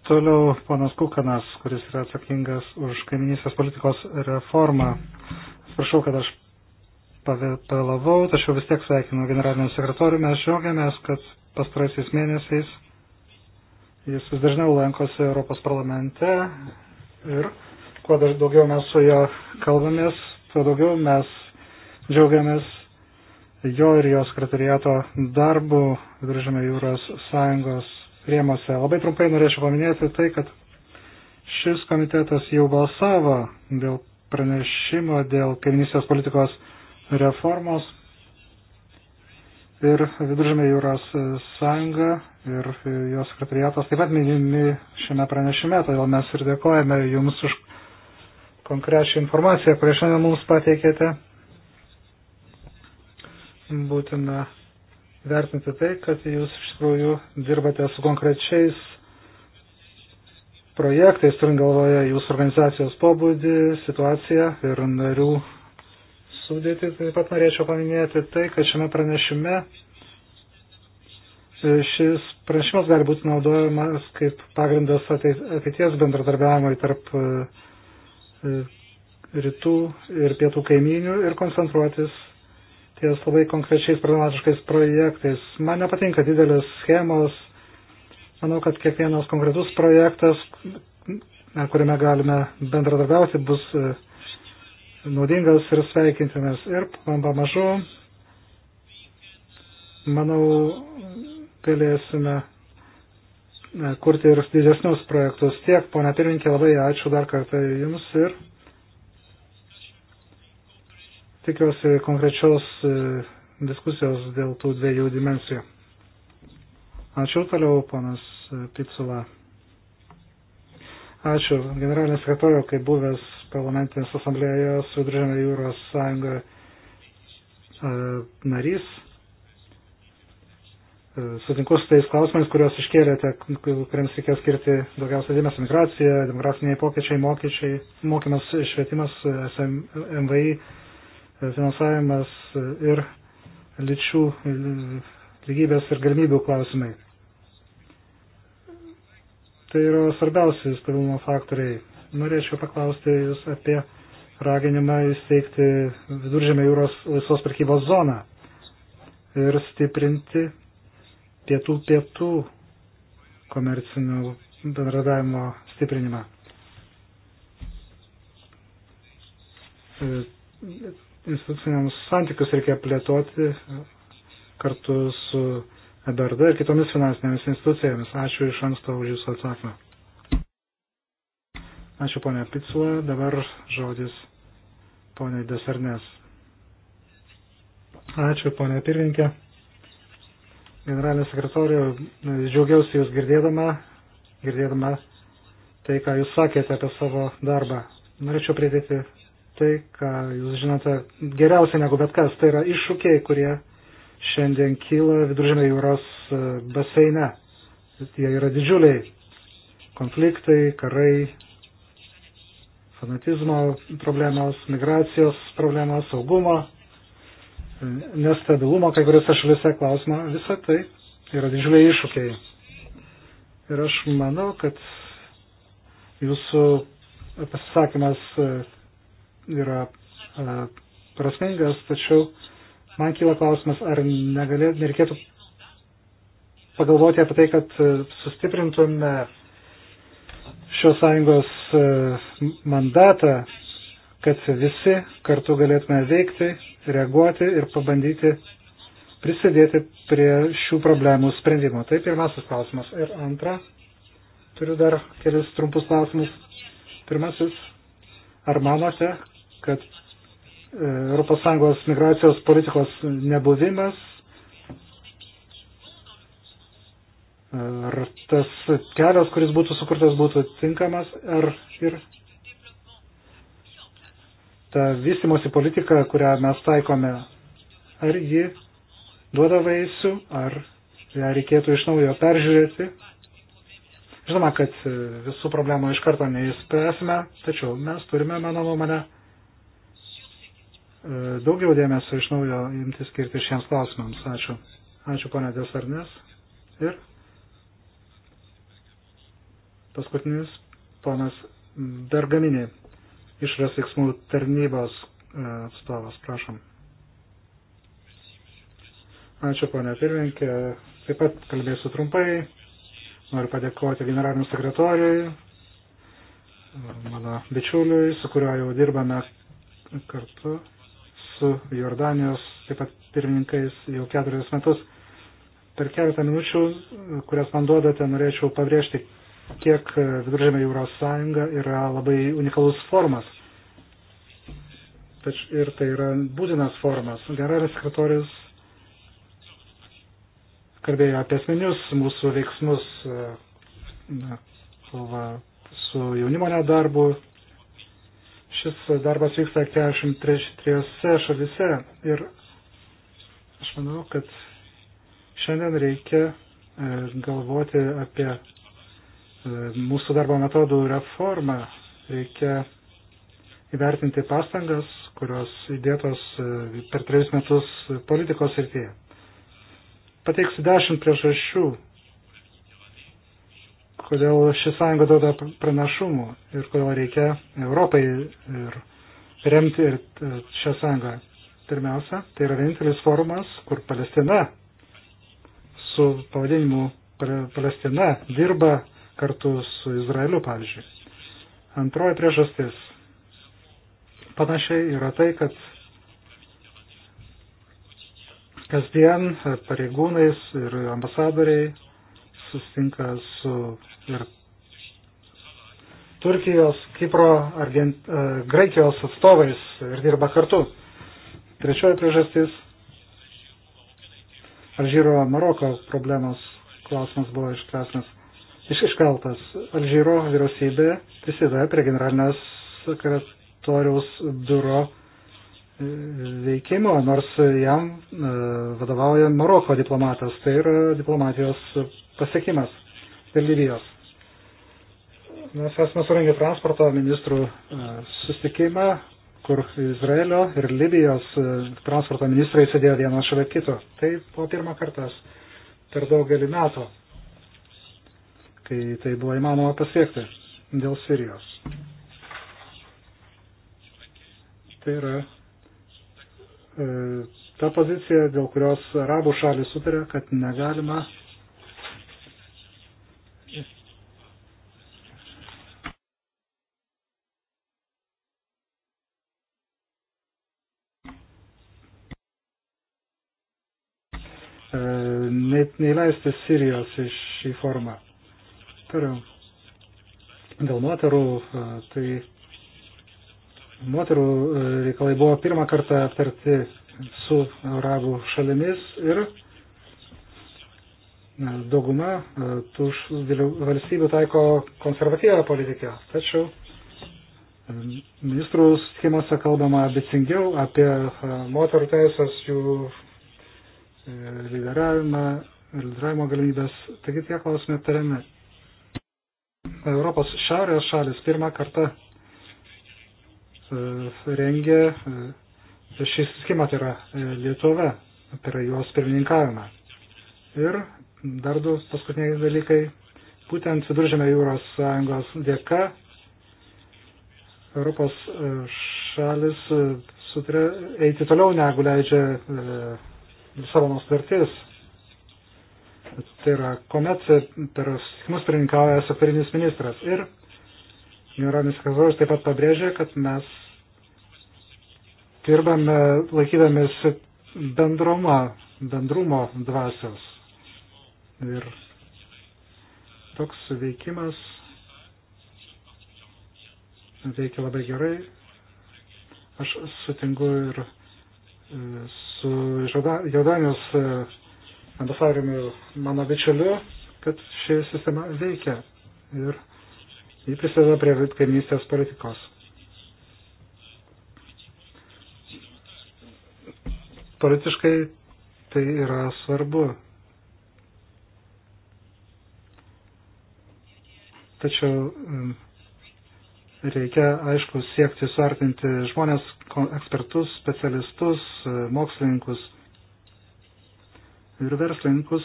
Toliau ponas Kukanas, kuris yra atsakingas už kaiminystės politikos reformą. Atsiprašau, kad aš pavėlavau, tačiau vis tiek sveikinu generalinio sekretorių. Mes žiaugiamės, kad pastaraisiais mėnesiais Jis vis dažniau lankosi Europos parlamente ir kuo daugiau mes su juo kalbamės, tuo daugiau mes džiaugiamės jo ir jo sekretariato darbų Viduržėmio jūros sąjungos rėmose. Labai trumpai norėčiau paminėti tai, kad šis komitetas jau balsavo dėl pranešimo, dėl kaiminystės politikos reformos ir Viduržėmė jūros sąjunga ir jos sekretariatas taip pat minimi šiame pranešime, todėl mes ir dėkojame Jums už konkrečią informaciją, kurią šiandien mums pateikėte. Būtina vertinti tai, kad Jūs iš tikrųjų dirbate su konkrečiais projektais, turint galvoje Jūsų organizacijos pobūdį, situaciją ir narių sudėtį. Taip pat norėčiau paminėti tai, kad šiame pranešime e, šis pranešimas gali būti naudojamas kaip pagrindas ateities bendradarbiavimui tarp e, e, rytų ir pietų kaimynių ir koncentruotis ties labai konkrečiais problematiškais projektais. Man nepatinka didelės schemos. Manau, kad kiekvienas konkretus projektas, kuriame galime bendradarbiauti, bus uh, naudingas ir sveikintinas. Ir pamažu, manau, galėsime e, kurti ir didesnius projektus. Tiek, ponia pirminkė, labai ačiū dar kartą Jums ir tikiuosi konkrečios e, diskusijos dėl tų dviejų dimensijų. Ačiū toliau, ponas e, Picula. Ačiū, generalinė sekretorija, kaip buvęs parlamentinės asamblėjos Viduržėmio jūros sąjunga e, narys. E, sutinku su tais klausimais, kuriuos iškėlėte, kuriems reikės skirti daugiausia dėmesio migracija, demografiniai pokyčiai, mokyčiai, mokymas, švietimas, MVI, e, finansavimas ir lyčių lygybės ir galimybių klausimai. Tai yra svarbiausi stabilumo faktoriai Norėčiau paklausti Jūs apie raginimą įsteigti viduržėmė jūros laisvos prekybos zoną ir stiprinti pietų pietų komercinio bendradavimo stiprinimą. E, instituciniams santykius reikia plėtoti kartu su EBRD ir kitomis finansinėmis institucijomis. Ačiū iš anksto už Jūsų atsakymą. Ačiū ponia Picula, dabar žodis ponia Desarnes. Ačiū ponia pirmininkė. Generalinė sekretorija, džiaugiausi jūs girdėdama, girdėdama tai, ką jūs sakėte apie savo darbą. Norėčiau pridėti tai, ką jūs žinote geriausiai negu bet kas. Tai yra iššūkiai, kurie šiandien kyla viduržėmio jūros e, baseine. Jie yra didžiuliai konfliktai, karai, fanatizmo problemos, migracijos problemos, saugumo, nestabilumo kai kuriuose šalise klausimą. Visa tai yra didžiuliai iššūkiai. Ir aš manau, kad jūsų pasisakymas e, yra e, prasmingas, tačiau man kyla klausimas, ar negalėtų, nereikėtų pagalvoti apie tai, kad e, sustiprintume šios sąjungos e, mandatą, kad visi kartu galėtume veikti, reaguoti ir pabandyti prisidėti prie šių problemų sprendimo. Tai pirmasis klausimas. Ir antra, turiu dar kelis trumpus klausimus. Pirmasis, ar manote, kad ES migracijos politikos nebuvimas ar tas kelias, kuris būtų sukurtas, būtų tinkamas, ar ir ta vystimosi politika, kurią mes taikome, ar ji duoda vaisių, ar ją reikėtų iš naujo peržiūrėti. Žinoma, kad visų problemų iš karto neįspręsime, tačiau mes turime, mano nuomonę, daugiau dėmesio iš naujo imti skirti šiems klausimams. Ačiū. Ačiū, ponė Desarnės. Ir Paskutinis ponas Bergaminė, išras veiksmų tarnybos e, atstovas, prašom. Ačiū, ponė pirmininkė. Taip pat kalbėsiu trumpai. Noriu padėkoti generaliniam sekretoriui, mano bičiuliui, su kuriuo jau dirbame kartu su Jordanijos, taip pat pirmininkais jau keturis metus. Per keletą minučių, kurias man duodate, norėčiau pabrėžti kiek e, Viduržėmė jūros sąjunga yra labai unikalus formas. Tač, ir tai yra būtinas formas. Generalinis sekretorius kalbėjo apie esminius mūsų veiksmus, e, kova su jaunimo nedarbu. Šis darbas vyksta 43 šalise ir aš manau, kad šiandien reikia e, galvoti apie mūsų darbo metodų reformą reikia įvertinti pastangas, kurios įdėtos e, per trejus metus politikos srityje. Pateiksiu dešimt priežasčių, kodėl ši sąjunga duoda pranašumų ir kodėl reikia Europai ir remti ir e, šią sąjungą. Pirmiausia, tai yra vienintelis forumas, kur Palestina su pavadinimu Palestina dirba kartu su Izraeliu, pavyzdžiui. Antroji priežastis panašiai yra tai, kad kasdien pareigūnais ir ambasadoriai sustinka su ir Turkijos, Kipro, Argent, e, Graikijos atstovais ir dirba kartu. Trečioji priežastis Alžyro Maroko problemos klausimas buvo iškesnis iškeltas. Alžyro vyriausybė prisideda prie generalinės sekretoriaus biuro e, veikimo, nors jam e, vadovauja Maroko diplomatas. Tai yra diplomatijos pasiekimas dėl Libijos. Mes esame surengę transporto ministrų e, sustikimą, kur Izraelio ir Libijos transporto ministrai sėdėjo vienas šalia kito. Tai po pirmą kartą per daugelį metų kai tai buvo įmanoma pasiekti dėl Sirijos. Tai yra e, ta pozicija, dėl kurios arabų šalis sutarė, kad negalima net neįleisti Sirijos į šį formą. Toliau. Dėl moterų, tai moterų reikalai buvo pirmą kartą aptarti su arabų šalimis ir dauguma tų valstybių taiko konservatyvę politiką. Tačiau ministrų schimuose kalbama ambicingiau apie moterų teisės, jų e, lyderavimą, lyderavimo galimybės. Taigi tie klausimai tariami. Europos šiaurės šalis pirmą kartą e, rengė e, šį susitikimą, tai yra e, Lietuva, tai yra jos pirmininkavimą. Ir dar du paskutiniai dalykai. Būtent Viduržėmio jūros sąjungos dėka Europos šalis sutrė eiti toliau negu leidžia Lisabonos sutartis Tai yra, kuomet per susitikimus pirmininkauja esoterinis ministras. Ir generalinis sekretorius taip pat pabrėžė, kad mes dirbame laikydamės bendrumo, bendrumo dvasios. Ir toks veikimas veikia labai gerai. Aš sutinku ir e, su Jordanijos e, ambasariumi mano bičiuliu, kad ši sistema veikia ir jį prisideda prie kaimynystės politikos. Politiškai tai yra svarbu. Tačiau reikia, aišku, siekti suartinti žmonės, ekspertus, specialistus, mokslininkus ir verslininkus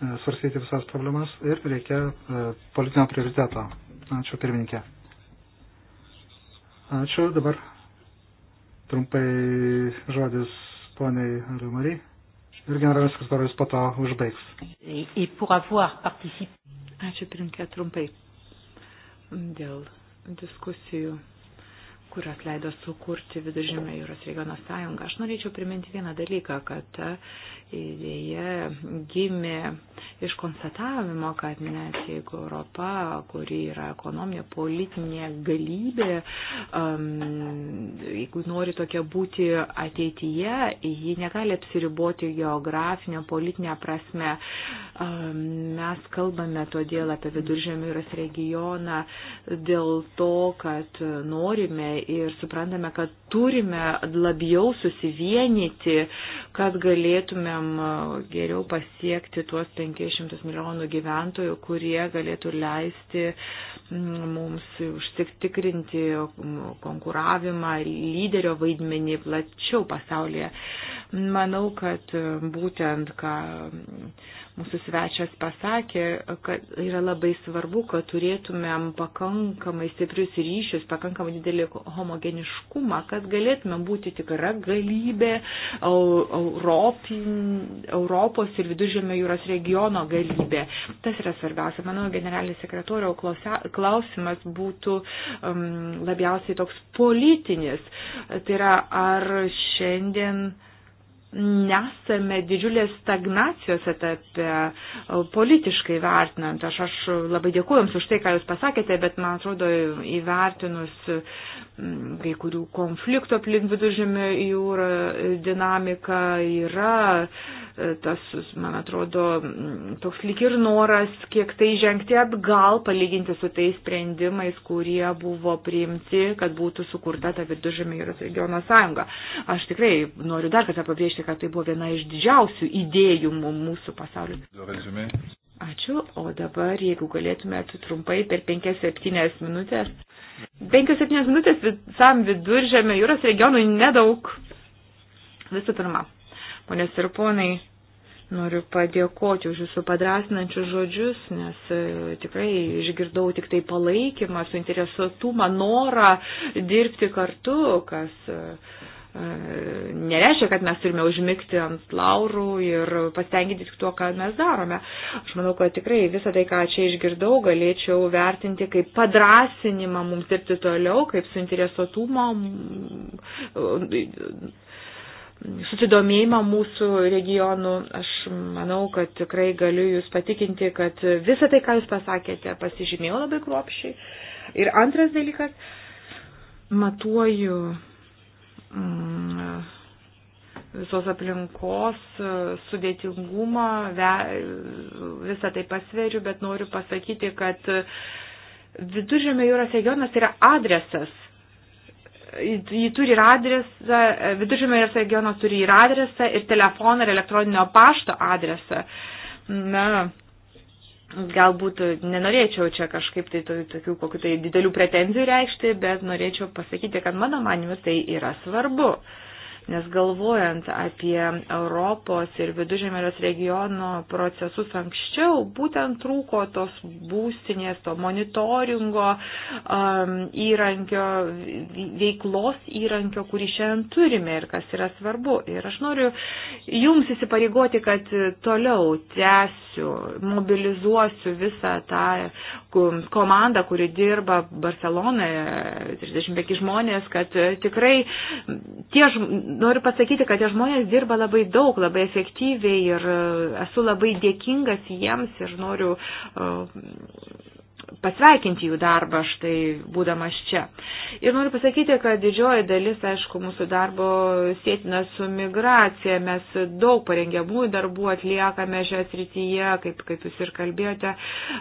e, svarstyti visas problemas ir reikia e, politinio prioriteto. Ačiū pirmininkė. Ačiū. Dabar trumpai žodis poniai Rumari ir generalinis sekretorius po to užbaigs. Ačiū pirmininkė trumpai dėl diskusijų kurios leido sukurti Viduržėmio jūros regiono sąjungą. Aš norėčiau priminti vieną dalyką, kad ta idėja gimė iš konstatavimo, kad net jeigu Europa, kuri yra ekonominė, politinė galybė, um, jeigu nori tokia būti ateityje, ji negali apsiriboti geografinio, politinė prasme. Um, mes kalbame todėl apie Viduržėmio jūros regioną dėl to, kad norime ir suprantame, kad turime labiau susivienyti, kad galėtumėm e, geriau pasiekti tuos 500 milijonų gyventojų, kurie galėtų leisti mm, mums užtikrinti mm, konkuravimą, lyderio vaidmenį plačiau pasaulyje. Manau, kad būtent ką Mūsų svečias pasakė, kad yra labai svarbu, kad turėtumėm pakankamai stiprius ryšius, pakankamai didelį homogeniškumą, kad galėtumėm būti tikra galybė Europin, Europos ir viduržėmio jūros regiono galybė. Tas yra svarbiausia. Manau, generalinis sekretorio klausimas būtų um, labiausiai toks politinis. Tai yra, ar šiandien nesame didžiulės stagnacijos etape politiškai vertinant. Aš, aš labai dėkuoju Jums už tai, ką Jūs pasakėte, bet man atrodo įvertinus mm, kai kurių konfliktų aplink viduržėmio jūrą dinamiką yra E, tas, man atrodo, mm, toks lik ir noras kiek tai žengti atgal, palyginti su tais sprendimais, kurie buvo priimti, kad būtų sukurta ta viduržėmė jūros regiono sąjunga. Aš tikrai noriu dar kartą pabrėžti, kad tai buvo viena iš didžiausių idėjų mūsų pasauliu. Ačiū, o dabar, jeigu galėtumėt trumpai per 5-7 minutės. 5-7 minutės visam viduržėmė jūros regionui nedaug. Visų pirma, Ponės ir ponai, noriu padėkoti už jūsų padrasinančius žodžius, nes e, tikrai išgirdau tik tai palaikymą, suinteresuotumą, norą dirbti kartu, kas e, e, nereiškia, kad mes turime užmigti ant laurų ir pasitenkinti tik tuo, ką mes darome. Aš manau, kad tikrai visą tai, ką čia išgirdau, galėčiau vertinti kaip padrasinimą mums dirbti toliau, kaip suinteresuotumą susidomėjimą mūsų regionų. Aš manau, kad tikrai galiu Jūs patikinti, kad visą tai, ką Jūs pasakėte, pasižymėjau labai kruopšiai. Ir antras dalykas, matuoju mm, visos aplinkos e, sudėtingumą, visą tai pasveriu, bet noriu pasakyti, kad Viduržėmio jūros regionas yra adresas jį turi ir adresą, viduržėmio regionas turi ir adresą, ir telefoną, ir elektroninio pašto adresą. Na, galbūt nenorėčiau čia kažkaip tai tokių kokių tai didelių pretenzijų reikšti, bet norėčiau pasakyti, kad mano manimis tai yra svarbu. Uh, Nes galvojant apie Europos ir vidužėmėlios regiono procesus anksčiau, būtent trūko tos būstinės, to monitoringo um, įrankio, veiklos įrankio, kurį šiandien turime ir kas yra svarbu. Ir aš noriu jums įsipareigoti, kad toliau tęsiu, mobilizuosiu visą tą komandą, kuri dirba Barcelonoje, 35 žmonės, kad tikrai tie žmonės, noriu pasakyti, kad tie žmonės dirba labai daug, labai efektyviai ir e, esu labai dėkingas jiems ir noriu e, pasveikinti jų darbą štai būdamas čia. Ir noriu pasakyti, kad didžioji dalis, aišku, mūsų darbo sėtina su migracija. Mes daug parengiamųjų darbų atliekame šioje srityje, kaip, kaip jūs ir kalbėjote.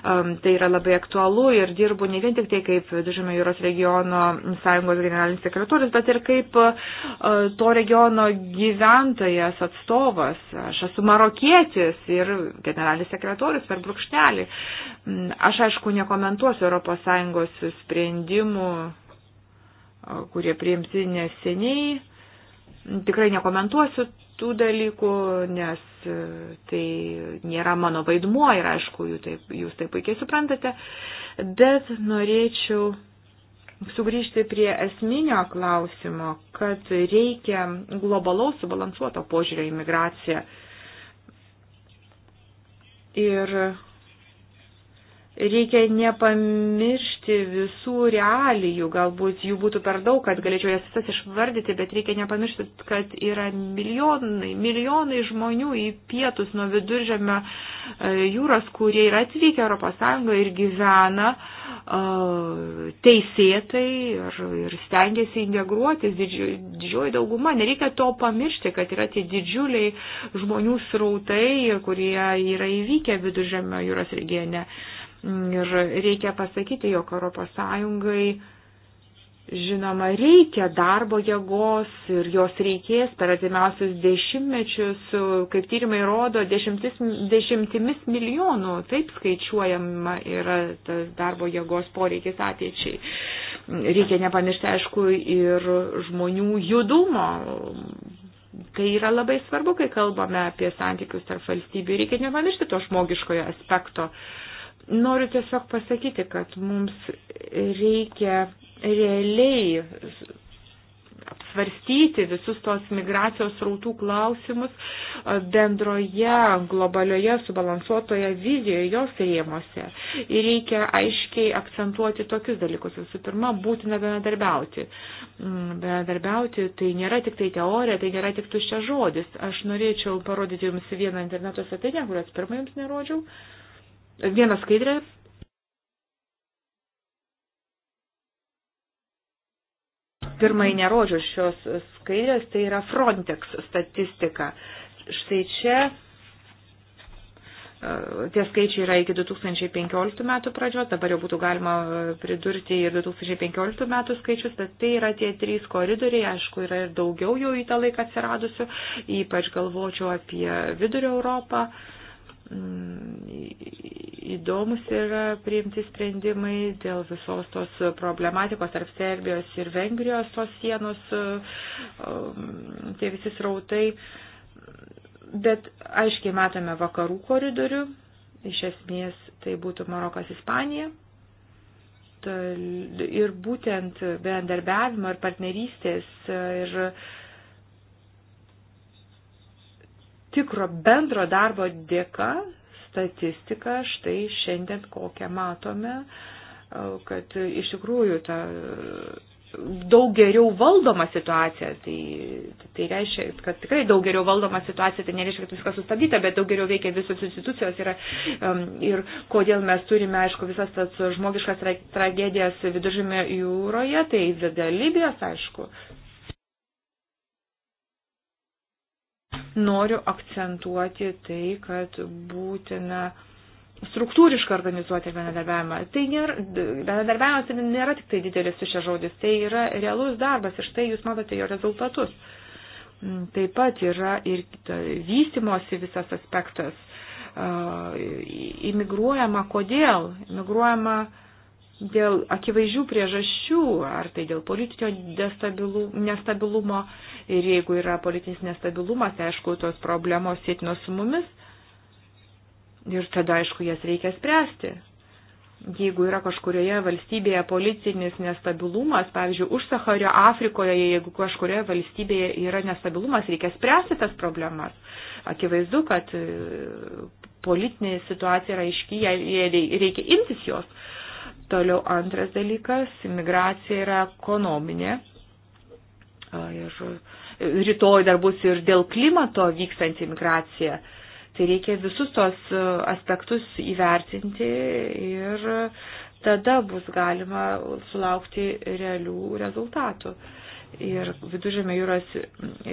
Um, tai yra labai aktualu ir dirbu ne vien tik tai kaip Dužymė jūros regiono sąjungos generalinis sekretorius, bet ir kaip uh, to regiono gyventojas atstovas. Aš esu marokietis ir generalinis sekretorius per brūkšnelį. Mm, aš aišku nekomentuosiu ES sprendimų, kurie priimti neseniai. Tikrai nekomentuosiu tų dalykų, nes e, tai nėra mano vaidmuo ir aišku, jūs tai, jūs tai puikiai suprantate. Bet norėčiau sugrįžti prie esminio klausimo, kad reikia globalaus subalansuoto požiūrio į migraciją. Ir reikia nepamiršti visų realijų, galbūt jų būtų per daug, kad galėčiau jas visas išvardyti, bet reikia nepamiršti, kad yra milijonai, milijonai žmonių į pietus nuo viduržėmio e, jūros, kurie yra atvykę Europos Sąjungą ir gyvena e, teisėtai ir, ir stengiasi integruotis didžioji dauguma. Nereikia to pamiršti, kad yra tie didžiuliai žmonių srautai, kurie yra įvykę viduržėmio jūros regione. Uh, Ir reikia pasakyti, jog ES žinoma reikia darbo jėgos ir jos reikės per atimiausius dešimtmečius, kaip tyrimai rodo, dešimtis, dešimtimis milijonų, taip skaičiuojama yra tas darbo jėgos poreikis ateičiai. Reikia nepamiršti, aišku, ir žmonių judumo, Tai yra labai svarbu, kai kalbame apie santykius tarp valstybių. Reikia nepamiršti to žmogiškojo aspekto. Uh, Noriu tiesiog pasakyti, kad mums reikia realiai apsvarstyti visus tos migracijos rautų klausimus bendroje, globalioje, subalansuotoje vizijoje, jos rėmose. Ir reikia aiškiai akcentuoti tokius dalykus. Visų pirma, būtina bendradarbiauti. Mm, bendradarbiauti tai nėra tik tai teorija, tai nėra tik tuščia žodis. Aš norėčiau parodyti Jums vieną interneto svetainę, kurios pirmą Jums nerodžiau. Uh, vieną skaidrę. Pirmai nerodžiu šios skaidrės, tai yra Frontex statistika. Štai čia e, tie skaičiai yra iki 2015 metų pradžios, dabar jau būtų galima e, pridurti ir 2015 metų skaičius, bet tai yra tie trys koridoriai, aišku, yra ir daugiau jau į tą laiką atsiradusių, ypač galvočiau apie vidurio Europą. Uh, Mm, įdomus yra priimti sprendimai dėl visos tos problematikos tarp Serbijos ir Vengrijos tos sienos, um, tie visi srautai. Bet aiškiai matome vakarų koridorių, iš esmės tai būtų Marokas Ispanija. Ir būtent bendarbiavimo ir partnerystės ir uh, tikro bendro darbo dėka statistika štai šiandien kokią matome, e, kad iš tikrųjų ta daug geriau valdoma situacija. Tai, tai reiškia, kad tikrai daug geriau valdoma situacija, tai nereiškia, kad viskas sustabdyta, bet daug geriau veikia visos institucijos. Yra, um, ir kodėl mes turime, aišku, visas tas žmogiškas tra tragedijas viduržymė jūroje, tai dėl Libijos, aišku, Noriu akcentuoti tai, kad būtina struktūriškai organizuoti bendradarbiavimą. Tai nėra, bendradarbiavimas tai nėra tik tai didelis tušia žodis, tai yra realus darbas ir štai jūs matote jo rezultatus. Taip pat yra ir vystimosi visas aspektas. Imigruojama kodėl? Imigruojama dėl akivaizdžių priežasčių, ar tai dėl politinio nestabilumo, ir jeigu yra politinis nestabilumas, tai aišku, tos problemos sėtinos su mumis ir tada, aišku, jas reikia spręsti. Jeigu yra kažkurioje valstybėje politinis nestabilumas, pavyzdžiui, už Sahario Afrikoje, jeigu kažkurioje valstybėje yra nestabilumas, reikia spręsti tas problemas. Akivaizdu, kad e, politinė situacija yra aiški, reikia imtis jos. Toliau antras dalykas - migracija yra ekonominė ir rytoj dar bus ir dėl klimato vykstanti migracija. Tai reikia visus tos e, aspektus įvertinti ir tada bus galima sulaukti realių rezultatų. Ir viduržėme jūros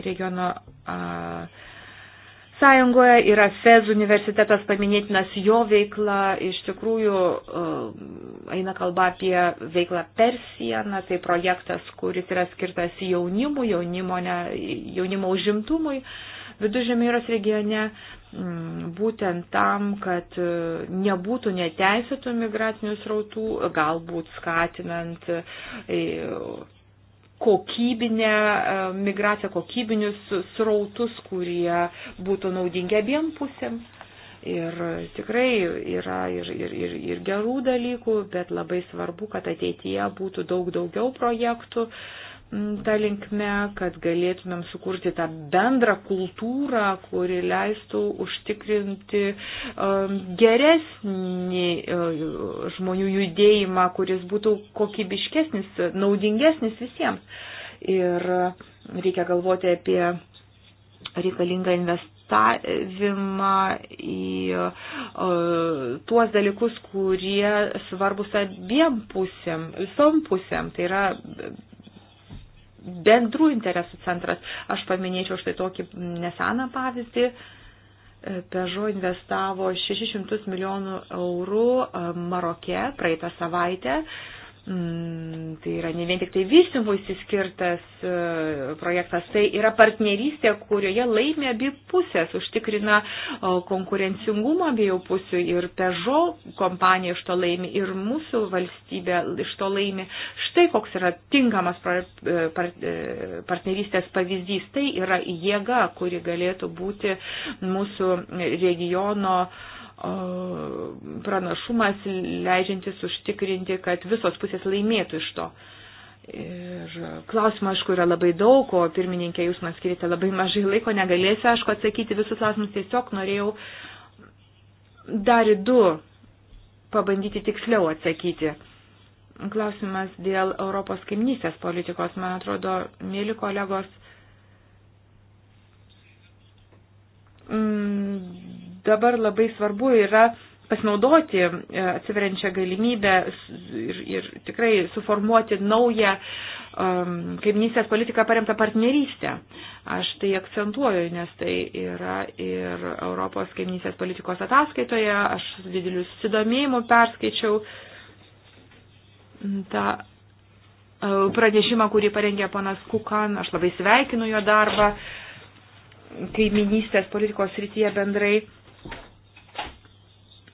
regiono. A, Sąjungoje yra Fez universitetas paminėtinas, jo veikla iš tikrųjų um, eina kalba apie veiklą per sieną, tai projektas, kuris yra skirtas jaunimu, jaunimo, ne, jaunimo užimtumui viduržemėros regione, mm, būtent tam, kad uh, nebūtų neteisėtų migracinių srautų, galbūt skatinant e, kokybinę e, migraciją, kokybinius srautus, kurie būtų naudingi abiem pusėm. Ir tikrai yra ir, ir, ir, ir gerų dalykų, bet labai svarbu, kad ateityje būtų daug daugiau projektų, uh, tą linkmę, kad galėtumėm sukurti tą bendrą kultūrą, kuri leistų užtikrinti um, geresnį uh, žmonių judėjimą, kuris būtų kokybiškesnis, naudingesnis visiems. Ir uh, reikia galvoti apie reikalingą investavimą į uh, tuos dalykus, kurie svarbus abiem pusėm, visom pusėm. Tai yra bendrų interesų centras. Aš paminėčiau štai tokį neseną pavyzdį. Pežo investavo 600 milijonų eurų e, Maroke praeitą savaitę Mm, tai yra ne vien tik tai vystimuisi skirtas e, projektas, tai yra partnerystė, kurioje laimė abi pusės, užtikrina konkurencingumą abiejų pusių ir Pežo kompanija iš to laimi ir mūsų valstybė iš to laimi. Štai koks yra tinkamas e, e, partnerystės pavyzdys, tai yra jėga, kuri galėtų būti mūsų regiono uh, pranašumas leidžiantis užtikrinti, kad visos pusės laimėtų iš to. Ir klausimų, aišku, yra labai daug, o pirmininkė, jūs man skirite labai mažai laiko, negalėsiu, aišku, atsakyti visus klausimus, tiesiog norėjau dar du pabandyti tiksliau atsakyti. Klausimas dėl Europos kaimnysės politikos, man atrodo, mėly kolegos, mm, dabar labai svarbu yra pasinaudoti e, atsiveriančią galimybę ir, ir tikrai suformuoti naują um, kaiminystės politiką paremtą partnerystę. Aš tai akcentuoju, nes tai yra ir Europos kaiminystės politikos ataskaitoje, aš su dideliu susidomėjimu perskaičiau tą e, pranešimą, kurį parengė panas Kukan, aš labai sveikinu jo darbą kaiminystės politikos rytyje bendrai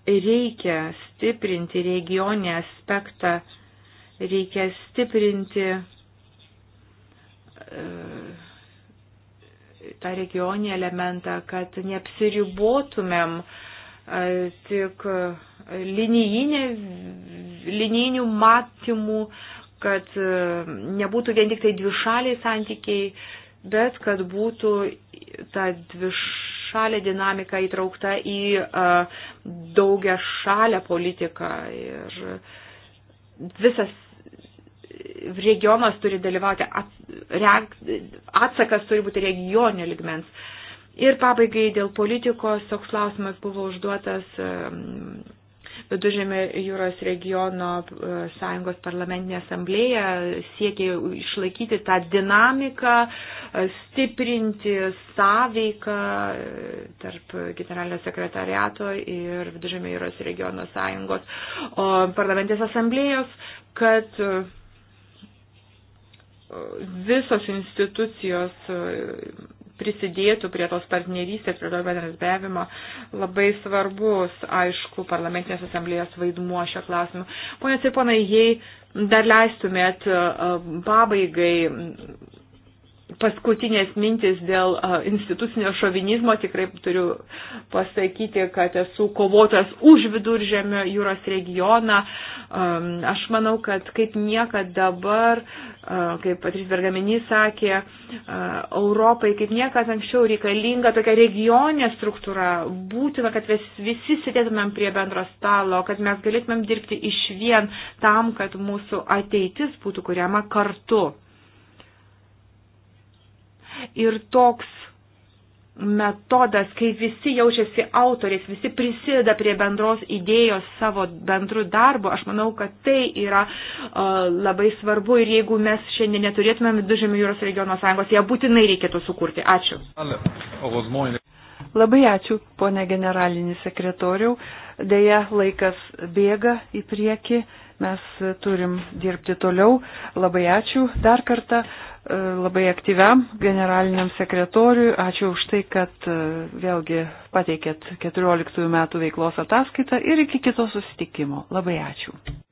reikia stiprinti regioninį aspektą, reikia stiprinti e, tą regioninį elementą, kad neapsiribotumėm e, tik linijinė, linijinių matymų, kad e, nebūtų vien tik tai dvišaliai santykiai, bet kad būtų ta dvišaliai daugiašalė dinamika įtraukta į e, daugiašalę politiką ir visas regionas turi dalyvauti, atsakas turi būti regioninio ligmens. Ir pabaigai dėl politikos toks klausimas buvo užduotas Vidužėmė jūros regiono e, sąjungos parlamentinė asamblėja siekia išlaikyti tą dinamiką, e, stiprinti sąveiką e, tarp generalinio sekretariato ir Vidužėmė jūros regiono sąjungos parlamentės asamblėjos, kad visos institucijos prisidėtų prie tos partnerystės, prie to bendradarbiavimo. Labai svarbus, aišku, parlamentinės asamblėjos vaidmuo šio klausimu. Pone ir ponai, jei dar leistumėt pabaigai paskutinės mintis dėl institucinio šovinizmo, tikrai turiu pasakyti, kad esu kovotas už viduržėmio jūros regioną. Aš manau, kad kaip niekad dabar kaip Patrys Bergaminys sakė, Europai kaip niekas anksčiau reikalinga tokia regioninė struktūra, būtina, kad visi sėdėtumėm prie bendro stalo, kad mes galėtumėm dirbti iš vien tam, kad mūsų ateitis būtų kuriama kartu. Ir toks metodas, kai visi jaučiasi autoriais, visi prisideda prie bendros idėjos savo bendrų darbų, aš manau, kad tai yra uh, labai svarbu ir jeigu mes šiandien neturėtume Vidužėmio jūros regiono sąjungos, ją būtinai reikėtų sukurti. Ačiū. Labai ačiū, ponė generalinį sekretoriau. Deja, laikas bėga į priekį mes turim dirbti toliau. Labai ačiū dar kartą, e, labai aktyviam generaliniam sekretoriui. Ačiū už tai, kad e, vėlgi pateikėt 14 metų veiklos ataskaitą ir iki kito susitikimo. Labai ačiū.